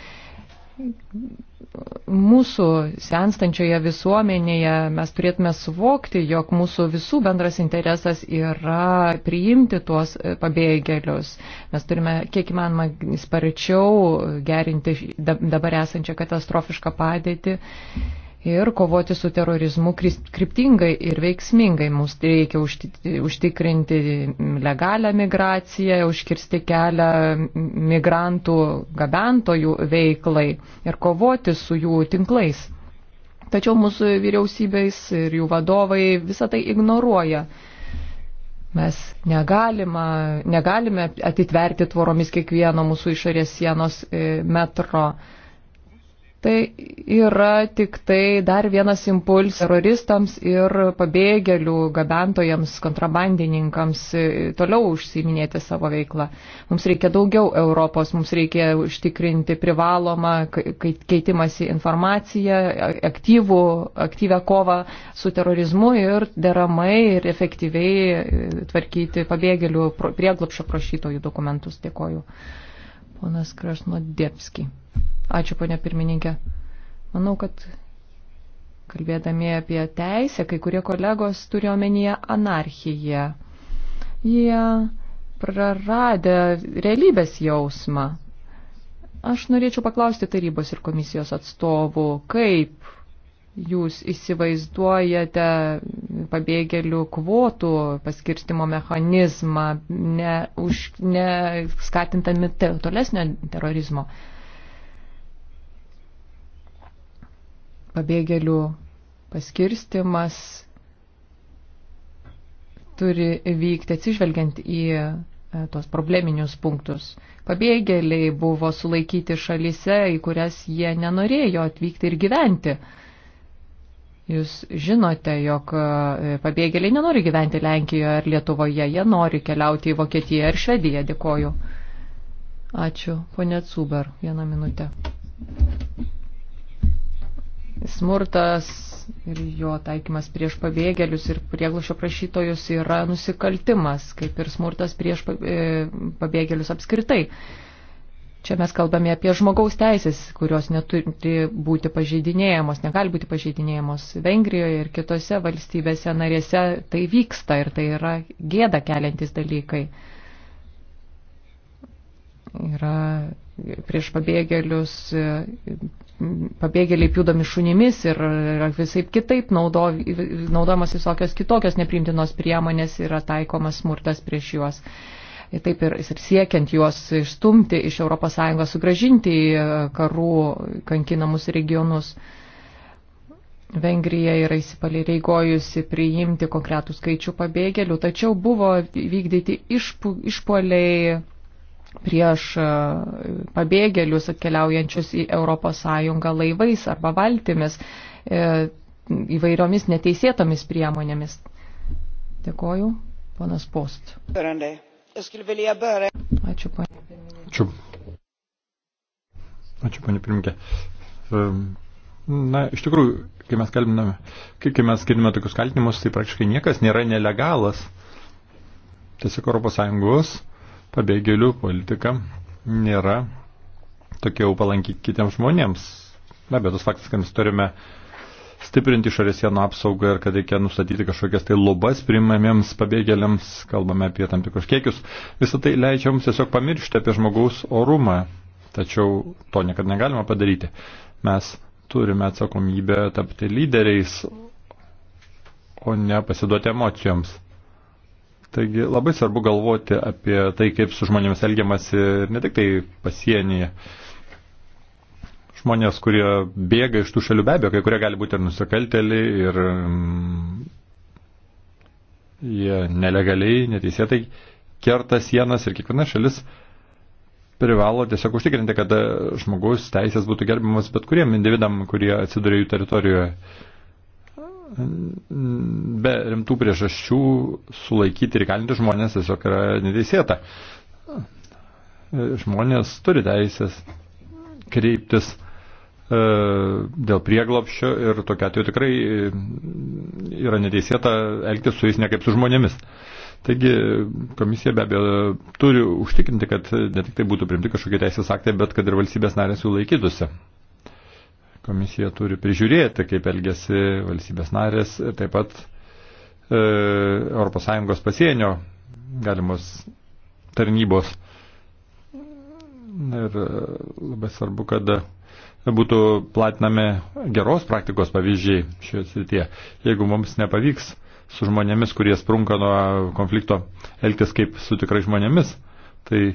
mūsų senstančioje visuomenėje mes turėtume suvokti, jog mūsų visų bendras interesas yra priimti tuos pabėgėlius. Mes turime kiek įmanoma sparčiau gerinti dabar esančią katastrofišką padėtį ir kovoti su terorizmu kryptingai ir veiksmingai. Mums reikia užtikrinti legalią migraciją, užkirsti kelią migrantų gabentojų veiklai ir kovoti su jų tinklais. Tačiau mūsų vyriausybės ir jų vadovai visą tai ignoruoja. Mes negalima, negalime atitverti tvoromis kiekvieno mūsų išorės sienos e, metro Tai yra tik tai dar vienas impuls teroristams ir pabėgėlių gabentojams, kontrabandininkams e, toliau užsiminėti savo veiklą. Mums reikia daugiau Europos, mums reikia užtikrinti privalomą keitimąsi informaciją, aktyvų, aktyvę kovą su terorizmu ir deramai ir efektyviai e, tvarkyti pabėgėlių prieglapšio prašytojų dokumentus. Dėkoju. Ponas Krasnodėpski. Ačiū, ponia pirmininkė. Manau, kad kalbėdami apie teisę, kai kurie kolegos turi omenyje anarchiją. Jie praradę realybės jausmą. Aš norėčiau paklausti tarybos ir komisijos atstovų, kaip jūs įsivaizduojate pabėgėlių kvotų paskirstimo mechanizmą, ne, už, ne skatintami tolesnio terorizmo. Uh, pabėgėlių paskirstimas turi vykti atsižvelgiant į e, tos probleminius punktus. Pabėgėliai buvo sulaikyti šalyse, į kurias jie nenorėjo atvykti ir gyventi. Jūs žinote, jog e, pabėgėliai nenori gyventi Lenkijoje ar Lietuvoje, jie nori keliauti į Vokietiją ar Švediją. Dėkoju. Ačiū, ponė Cuber, vieną minutę. Smurtas ir jo taikymas prieš pabėgėlius ir prieglušio prašytojus yra nusikaltimas, kaip ir smurtas prieš e, pabėgėlius apskritai. Čia mes kalbame apie žmogaus teisės, kurios neturi būti pažeidinėjamos, negali būti pažeidinėjamos Vengrijoje ir kitose valstybėse narėse tai vyksta ir tai yra gėda keliantis dalykai. Yra prieš pabėgėlius pabėgėliai pjūdomi šunimis ir visai kitaip naudo, naudojamas visokios kitokios neprimtinos priemonės yra taikomas smurtas prieš juos. Ir taip ir, ir siekiant juos išstumti iš ES, sugražinti į e, karų kankinamus regionus. Vengrija yra įsipareigojusi priimti konkretų skaičių pabėgėlių, tačiau buvo vykdyti išpu, išpoliai prieš e, pabėgėlius atkeliaujančius į ES laivais arba valtimis e, įvairiomis neteisėtomis priemonėmis. Dėkoju, ponas Post. Ačiū, ponė. Ačiū. Ačiū, ponė pirmininkė. Na, iš tikrųjų, kai mes kalbiname, kai, kai mes girdime tokius kaltinimus, tai praktiškai niekas nėra nelegalas. Tiesiog Europos Sąjungos pabėgėlių politika nėra tokia jau palanki kitiems žmonėms. Na, bet tas faktas, kad mes turime stiprinti išorės sienų apsaugą ir kad reikia nustatyti kažkokias tai lubas primamiems pabėgėliams, kalbame apie tam tikrus kiekius, visą tai leidžia mums tiesiog pamiršti apie žmogaus orumą. Tačiau to niekada negalima padaryti. Mes turime atsakomybę tapti lyderiais, o ne pasiduoti emocijoms. Taigi labai svarbu galvoti apie tai, kaip su žmonėmis elgiamasi ne tik tai pasienyje. Žmonės, kurie bėga iš tų šalių be abejo, kai kurie gali būti ir nusikalteliai, ir mm, jie nelegaliai, neteisėtai kerta sienas ir kiekviena šalis privalo tiesiog užtikrinti, kad žmogus teisės būtų gerbiamas bet kuriem individam, kurie atsiduria jų teritorijoje be rimtų priežasčių sulaikyti ir kalinti žmonės tiesiog yra neteisėta. Žmonės turi teisės kreiptis e, dėl prieglopščio ir tokia atveju tikrai e, yra neteisėta elgtis su jais ne kaip su žmonėmis. Taigi komisija be abejo turi užtikrinti, kad ne tik tai būtų primti kažkokie teisės aktai, bet kad ir valstybės narės jų laikytųsi. Komisija turi prižiūrėti, kaip elgesi valstybės narės, taip pat e, ES pasienio galimos tarnybos. Ir e, labai svarbu, kad būtų platinami geros praktikos pavyzdžiai šioje srityje. Jeigu mums nepavyks su žmonėmis, kurie sprunka nuo konflikto, elgtis kaip su tikrai žmonėmis, tai e,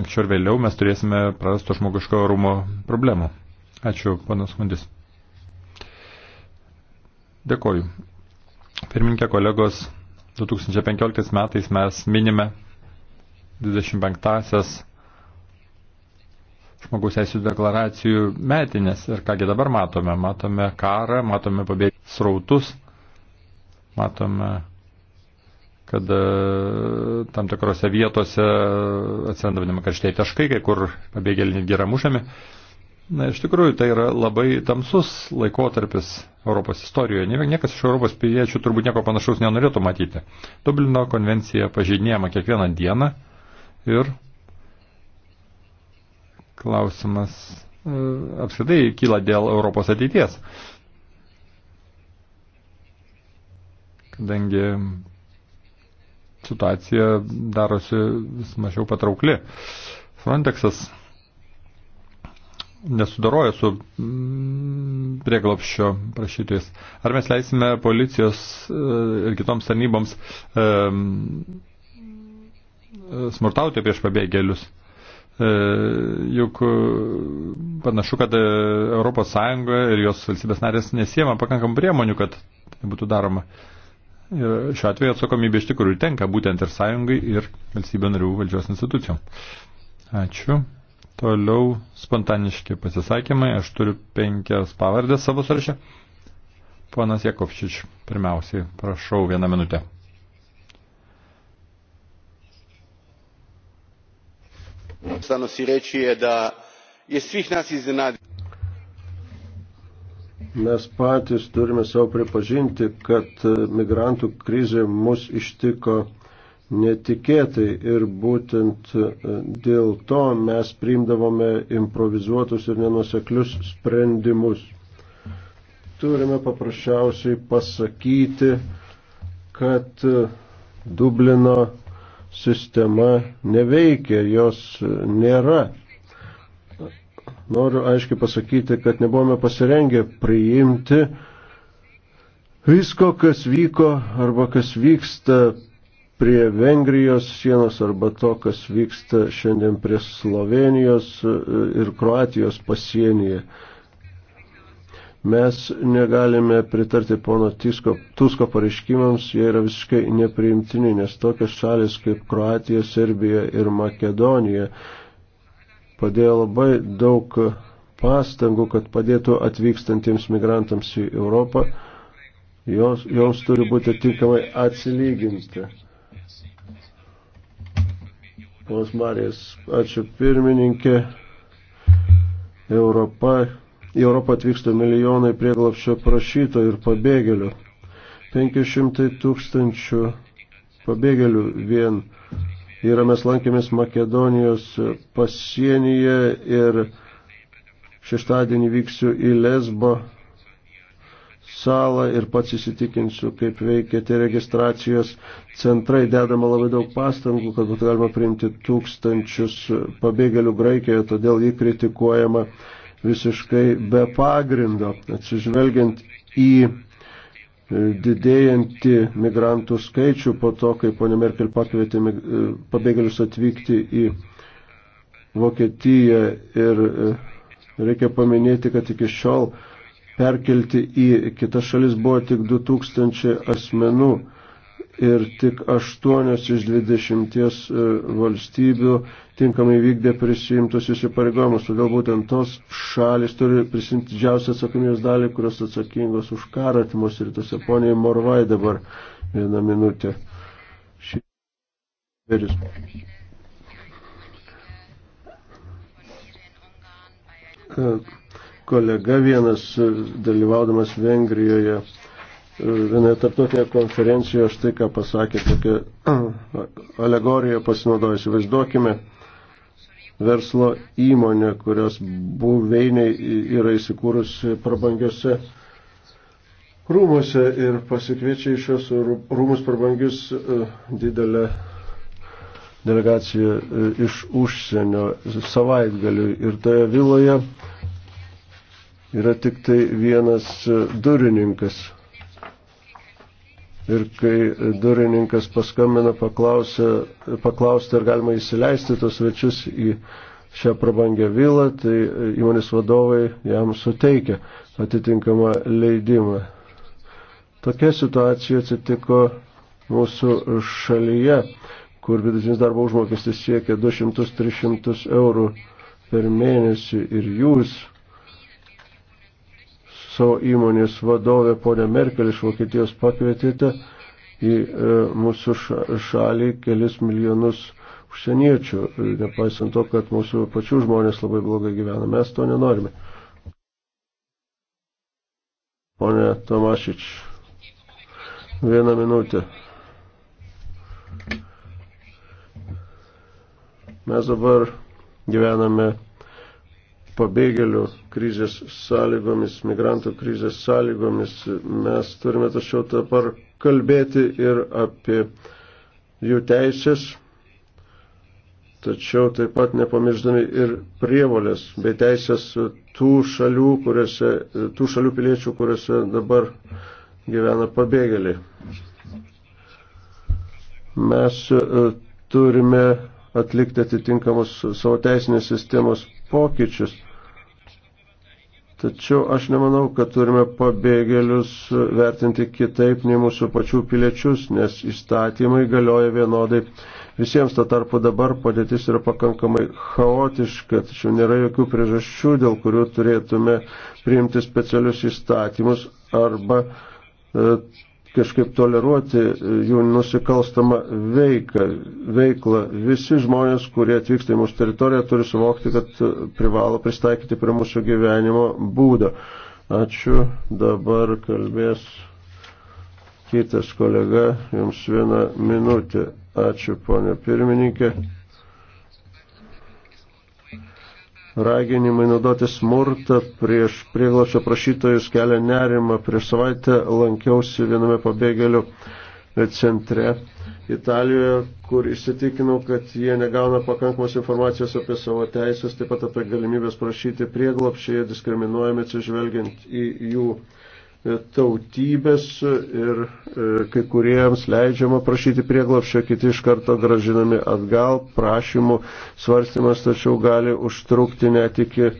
anksčiau ir vėliau mes turėsime prarasto žmogiško rūmo problemų. Ačiū, panas Mundis. Dėkoju. Pirminkė kolegos, 2015 metais mes minime 25-asias žmogaus teisų deklaracijų metinės. Ir kągi dabar matome? Matome karą, matome pabėgti srautus, matome, kad e, tam tikrose vietose atsiranda vadinama karštieji taškai, kai kur pabėgėliai netgi yra mušami. Na, iš tikrųjų, tai yra labai tamsus laikotarpis Europos istorijoje. Niekas iš Europos piliečių turbūt nieko panašaus nenorėtų matyti. Dublino konvencija pažeidinėjama kiekvieną dieną ir klausimas e, apskritai kyla dėl Europos ateities. Kadangi situacija darosi vis mažiau patraukli. Frontexas nesudaroja su mm, prieglopščio prašytojais. Ar mes leisime policijos e, ir kitoms tarnyboms e, e, smurtauti prieš pabėgėlius? Juk panašu, kad ES ir jos valstybės narės nesiema pakankam priemonių, kad tai būtų daroma. Ir šiuo atveju atsakomybė iš tikrųjų tenka būtent ir sąjungai, ir valstybė narių valdžios institucijom. Ačiū. Toliau spontaniški pasisakymai. Aš turiu penkias pavardės savo sąraše. Ponas Jakovčič, pirmiausiai, prašau vieną minutę. Stano si reći je da je svih nas iznenadio. Mes patys turime savo pripažinti, kad migrantų krizė mus ištiko netikėtai ir būtent e, dėl to mes priimdavome improvizuotus ir nenuseklius sprendimus. Turime paprasčiausiai pasakyti, kad e, Dublino sistema neveikia, jos e, nėra. Noriu aiškiai pasakyti, kad nebuvome pasirengę priimti visko, kas vyko arba kas vyksta prie Vengrijos sienos arba to, kas vyksta šiandien prie Slovenijos e, ir Kroatijos pasienyje. Mes negalime pritarti pono Tisko, Tusko pareiškimams, jie yra visiškai nepriimtini, nes tokios šalis kaip Kroatija, Serbija ir Makedonija padėjo labai daug pastangų, kad padėtų atvykstantiems migrantams į Europą, jos, joms turi būti tinkamai atsilyginti. Ponas Marijas, ačiū pirmininkė. Europa, į Europą atvyksta milijonai prieglapščio prašytojų ir pabėgėlių. 500 tūkstančių pabėgėlių vien yra mes lankėmės Makedonijos pasienyje ir šeštadienį vyksiu į Lesbo salą ir pats įsitikinsiu, kaip veikia tie registracijos centrai. Dedama labai daug pastangų, kad būtų galima priimti tūkstančius pabėgėlių Graikijoje, todėl jį kritikuojama visiškai be pagrindo, atsižvelgiant į e, didėjantį migrantų skaičių po to, kai ponė Merkel pakvietė e, pabėgėlius atvykti į Vokietiją ir e, reikia paminėti, kad iki šiol uh, perkelti į kitas šalis buvo tik 2000 asmenų ir tik 8 iš 20 e, valstybių tinkamai vykdė prisijimtus įsipareigojimus. Todėl būtent tos šalis turi prisimti didžiausią atsakomybės dalį, kurios atsakingos už karą atimus ir tose poniai Morvai dabar vieną minutę. Šį... Uh kolega vienas e, dalyvaudamas Vengrijoje e, vienoje tarptautinėje konferencijoje štai ką pasakė, tokia e, alegorija pasinaudoja. Įsivaizduokime verslo įmonę, kurios buveiniai yra įsikūrusi prabangiose rūmose ir pasikviečia iš šios rūmus prabangius didelę delegaciją iš užsienio savaitgalių ir toje viloje yra tik tai vienas e, durininkas. Ir kai durininkas paskambina, paklausia, paklausti, ar galima įsileisti tos svečius į šią prabangę vilą, tai e, įmonės vadovai jam suteikia atitinkamą leidimą. Tokia situacija atsitiko mūsų šalyje, kur vidutinis darbo užmokestis siekia 200-300 eurų per mėnesį ir jūs savo įmonės vadovę ponę Merkel iš Vokietijos pakvietėte į e, mūsų šalį kelis milijonus užsieniečių, nepaisant to, kad mūsų pačių žmonės labai blogai gyvena. Mes to nenorime. Pone Tomašič, vieną minutę. Mes dabar gyvename pabėgėlių krizės sąlygomis, migrantų krizės sąlygomis. Mes turime tačiau dabar kalbėti ir apie jų teisės, tačiau taip pat nepamirždami ir prievolės bei teisės tų šalių, kuriuose, tų šalių piliečių, kuriuose dabar gyvena pabėgėliai. Mes e, turime atlikti atitinkamus savo teisinės sistemos pokyčius. Tačiau aš nemanau, kad turime pabėgėlius vertinti kitaip nei mūsų pačių piliečius, nes įstatymai galioja vienodai visiems. Tuo tarpu dabar padėtis yra pakankamai chaotiška, tačiau nėra jokių priežasčių, dėl kurių turėtume priimti specialius įstatymus arba e, kažkaip toleruoti e, jų nusikalstamą veiką, veiklą. Visi žmonės, kurie atvyksta į mūsų teritoriją, turi suvokti, kad e, privalo pristaikyti prie mūsų gyvenimo būdo. Ačiū. Dabar kalbės kitas kolega. Jums vieną minutę. Ačiū, ponė pirmininkė. raginimai naudoti smurtą prieš prieglapšio prašytojus kelia nerimą. Prieš savaitę lankiausi viename pabėgėlių centre Italijoje, kur įsitikinau, kad jie negauna pakankamos informacijos apie savo teisės, taip pat apie galimybės prašyti prieglapšį, diskriminuojami atsižvelgiant į jų E, tautybės ir e, kai kuriems leidžiama prašyti prieglapščio, kiti iš karto gražinami atgal, prašymų svarstymas tačiau gali užtrukti net iki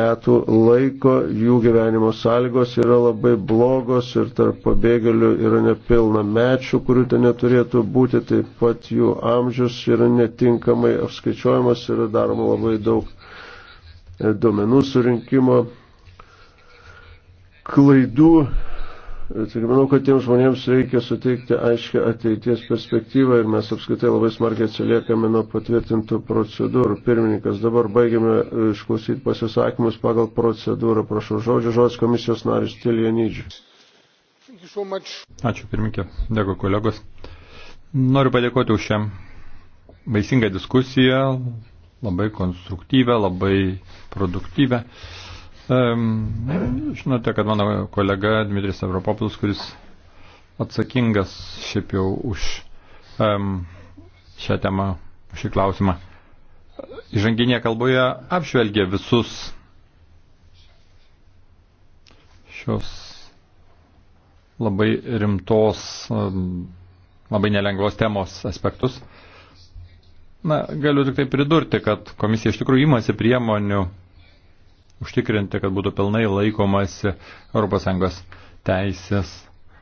metų laiko, jų gyvenimo sąlygos yra labai blogos ir tarp pabėgėlių yra nepilna mečių, kurių ten neturėtų būti, taip pat jų amžius yra netinkamai apskaičiuojamas ir daroma labai daug e, duomenų surinkimo klaidų. Tik manau, kad tiems žmonėms reikia suteikti aiškę ateities perspektyvą ir mes apskaitai labai smarkiai atsiliekame nuo patvirtintų procedūrų. Pirmininkas, dabar baigiame e, išklausyti pasisakymus pagal procedūrą. Prašau žodžio, žodis komisijos narius Tilienydžius. Ačiū pirmininkė, dėkui kolegos. Noriu padėkoti už šią vaisingą diskusiją, labai konstruktyvę, labai produktyvę. Žinote, kad mano kolega Dmitris Evropopilus, kuris atsakingas šiaip jau už um, šią temą, šį klausimą, įžanginėje kalboje apžvelgė visus šios labai rimtos, um, labai nelengvos temos aspektus. Na, galiu tik tai pridurti, kad komisija iš tikrųjų imasi priemonių užtikrinti, kad būtų pilnai laikomasi ES teisės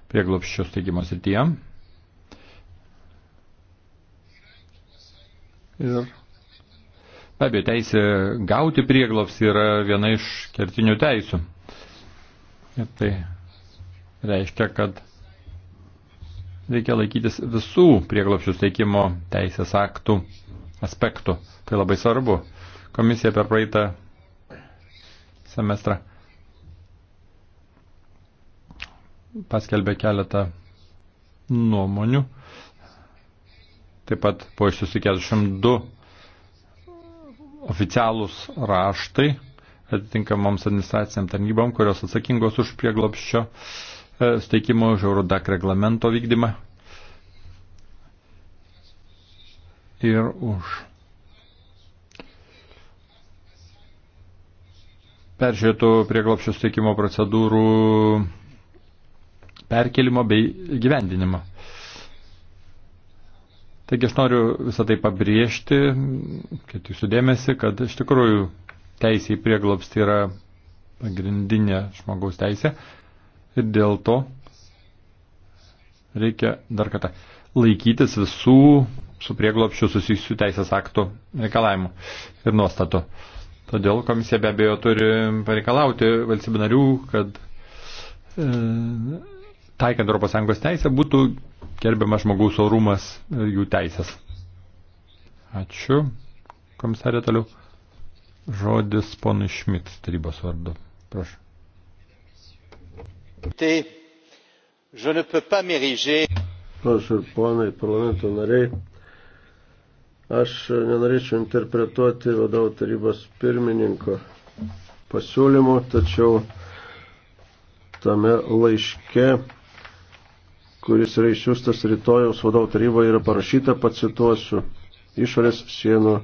prieglopščio steigimo srityje. Ir be abejo, teisė gauti prieglops yra viena iš kertinių teisų. Ir tai reiškia, kad reikia laikytis visų prieglopščių steikimo teisės aktų aspektų. Tai labai svarbu. Komisija per praeitą semestrą paskelbė keletą nuomonių. Taip pat buvo išsiusi 42 oficialūs raštai atitinkamoms administraciniam tarnybom, kurios atsakingos už prieglopščio e, steikimo už Eurodak reglamento vykdymą ir už peržiūrėtų prieglopščio steikimo procedūrų perkelimo bei gyvendinimo. Taigi aš noriu visą tai pabrėžti, kad jūsų dėmesį, kad iš tikrųjų teisė į prieglobstį yra pagrindinė žmogaus teisė ir dėl to reikia dar kartą laikytis visų su prieglobščiu susijusių teisės aktų reikalavimų ir nuostatų. Todėl komisija be abejo turi pareikalauti valstybių narių, kad e, taikant ES teisę būtų gerbiamas žmogaus orumas ir jų teisės. Ačiū. Komisarė toliau. Žodis ponui Šmit tarybos vardu. Prašau. Tai Aš ir ponai parlamento nariai Aš nenorėčiau interpretuoti vadovų tarybos pirmininko pasiūlymų, tačiau tame laiške, kuris yra išsiųstas rytojaus vadovų taryboje, yra parašyta, pacituosiu, išorės sienų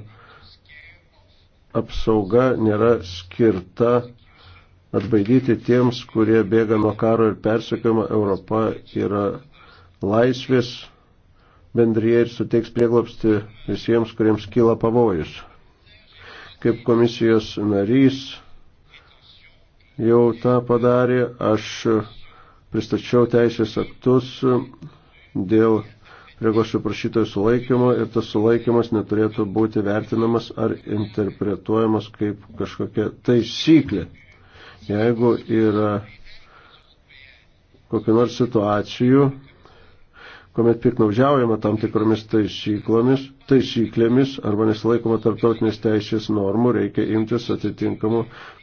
apsauga nėra skirta atbaidyti tiems, kurie bėga nuo karo ir persekiojimo. Europa yra laisvės bendryje ir suteiks prieglopsti visiems, kuriems kyla pavojus. Kaip komisijos narys jau tą padarė, aš pristačiau teisės aktus dėl prieglopščio prašytojų sulaikymo ir tas sulaikymas neturėtų būti vertinamas ar interpretuojamas kaip kažkokia taisyklė. Jeigu yra kokiu nors situacijų, kuomet piknaudžiaujama tam tikromis taisyklėmis arba nesilaikoma tarptautinės teisės normų, reikia imtis atitinkamų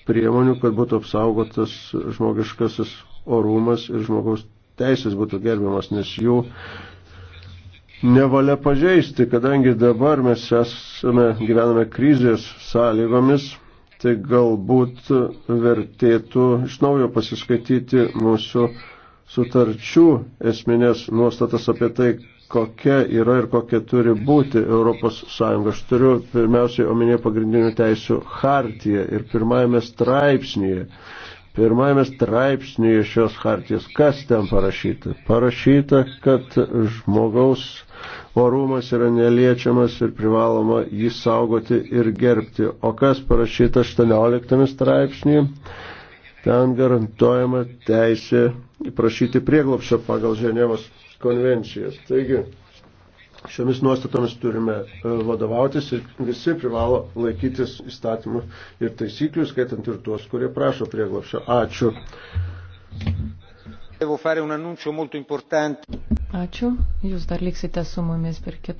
priemonių, kad būtų apsaugotas žmogiškasis orumas ir žmogaus teisės būtų gerbiamas, nes jų nevalia pažeisti, kadangi dabar mes esame, gyvename krizės sąlygomis, tai galbūt vertėtų iš naujo pasiskaityti mūsų sutarčių esminės nuostatas apie tai, kokia yra ir kokia turi būti Europos Sąjunga. Aš turiu pirmiausiai omenyje pagrindinių teisų hartiją ir pirmajame straipsnėje. Pirmajame straipsnėje šios hartijos, kas ten parašyta? Parašyta, kad žmogaus orumas yra neliečiamas ir privaloma jį saugoti ir gerbti. O kas parašyta 18 straipsnėje? Ten garantuojama teisė prašyti prieglopščio pagal Ženevos konvencijas. Taigi, šiomis nuostatomis turime e, vadovautis ir visi privalo laikytis įstatymų ir taisyklių, skaitant ir tuos, kurie prašo prieglopščio. Ačiū. Ačiū. Jūs dar liksite su mumis per kitą.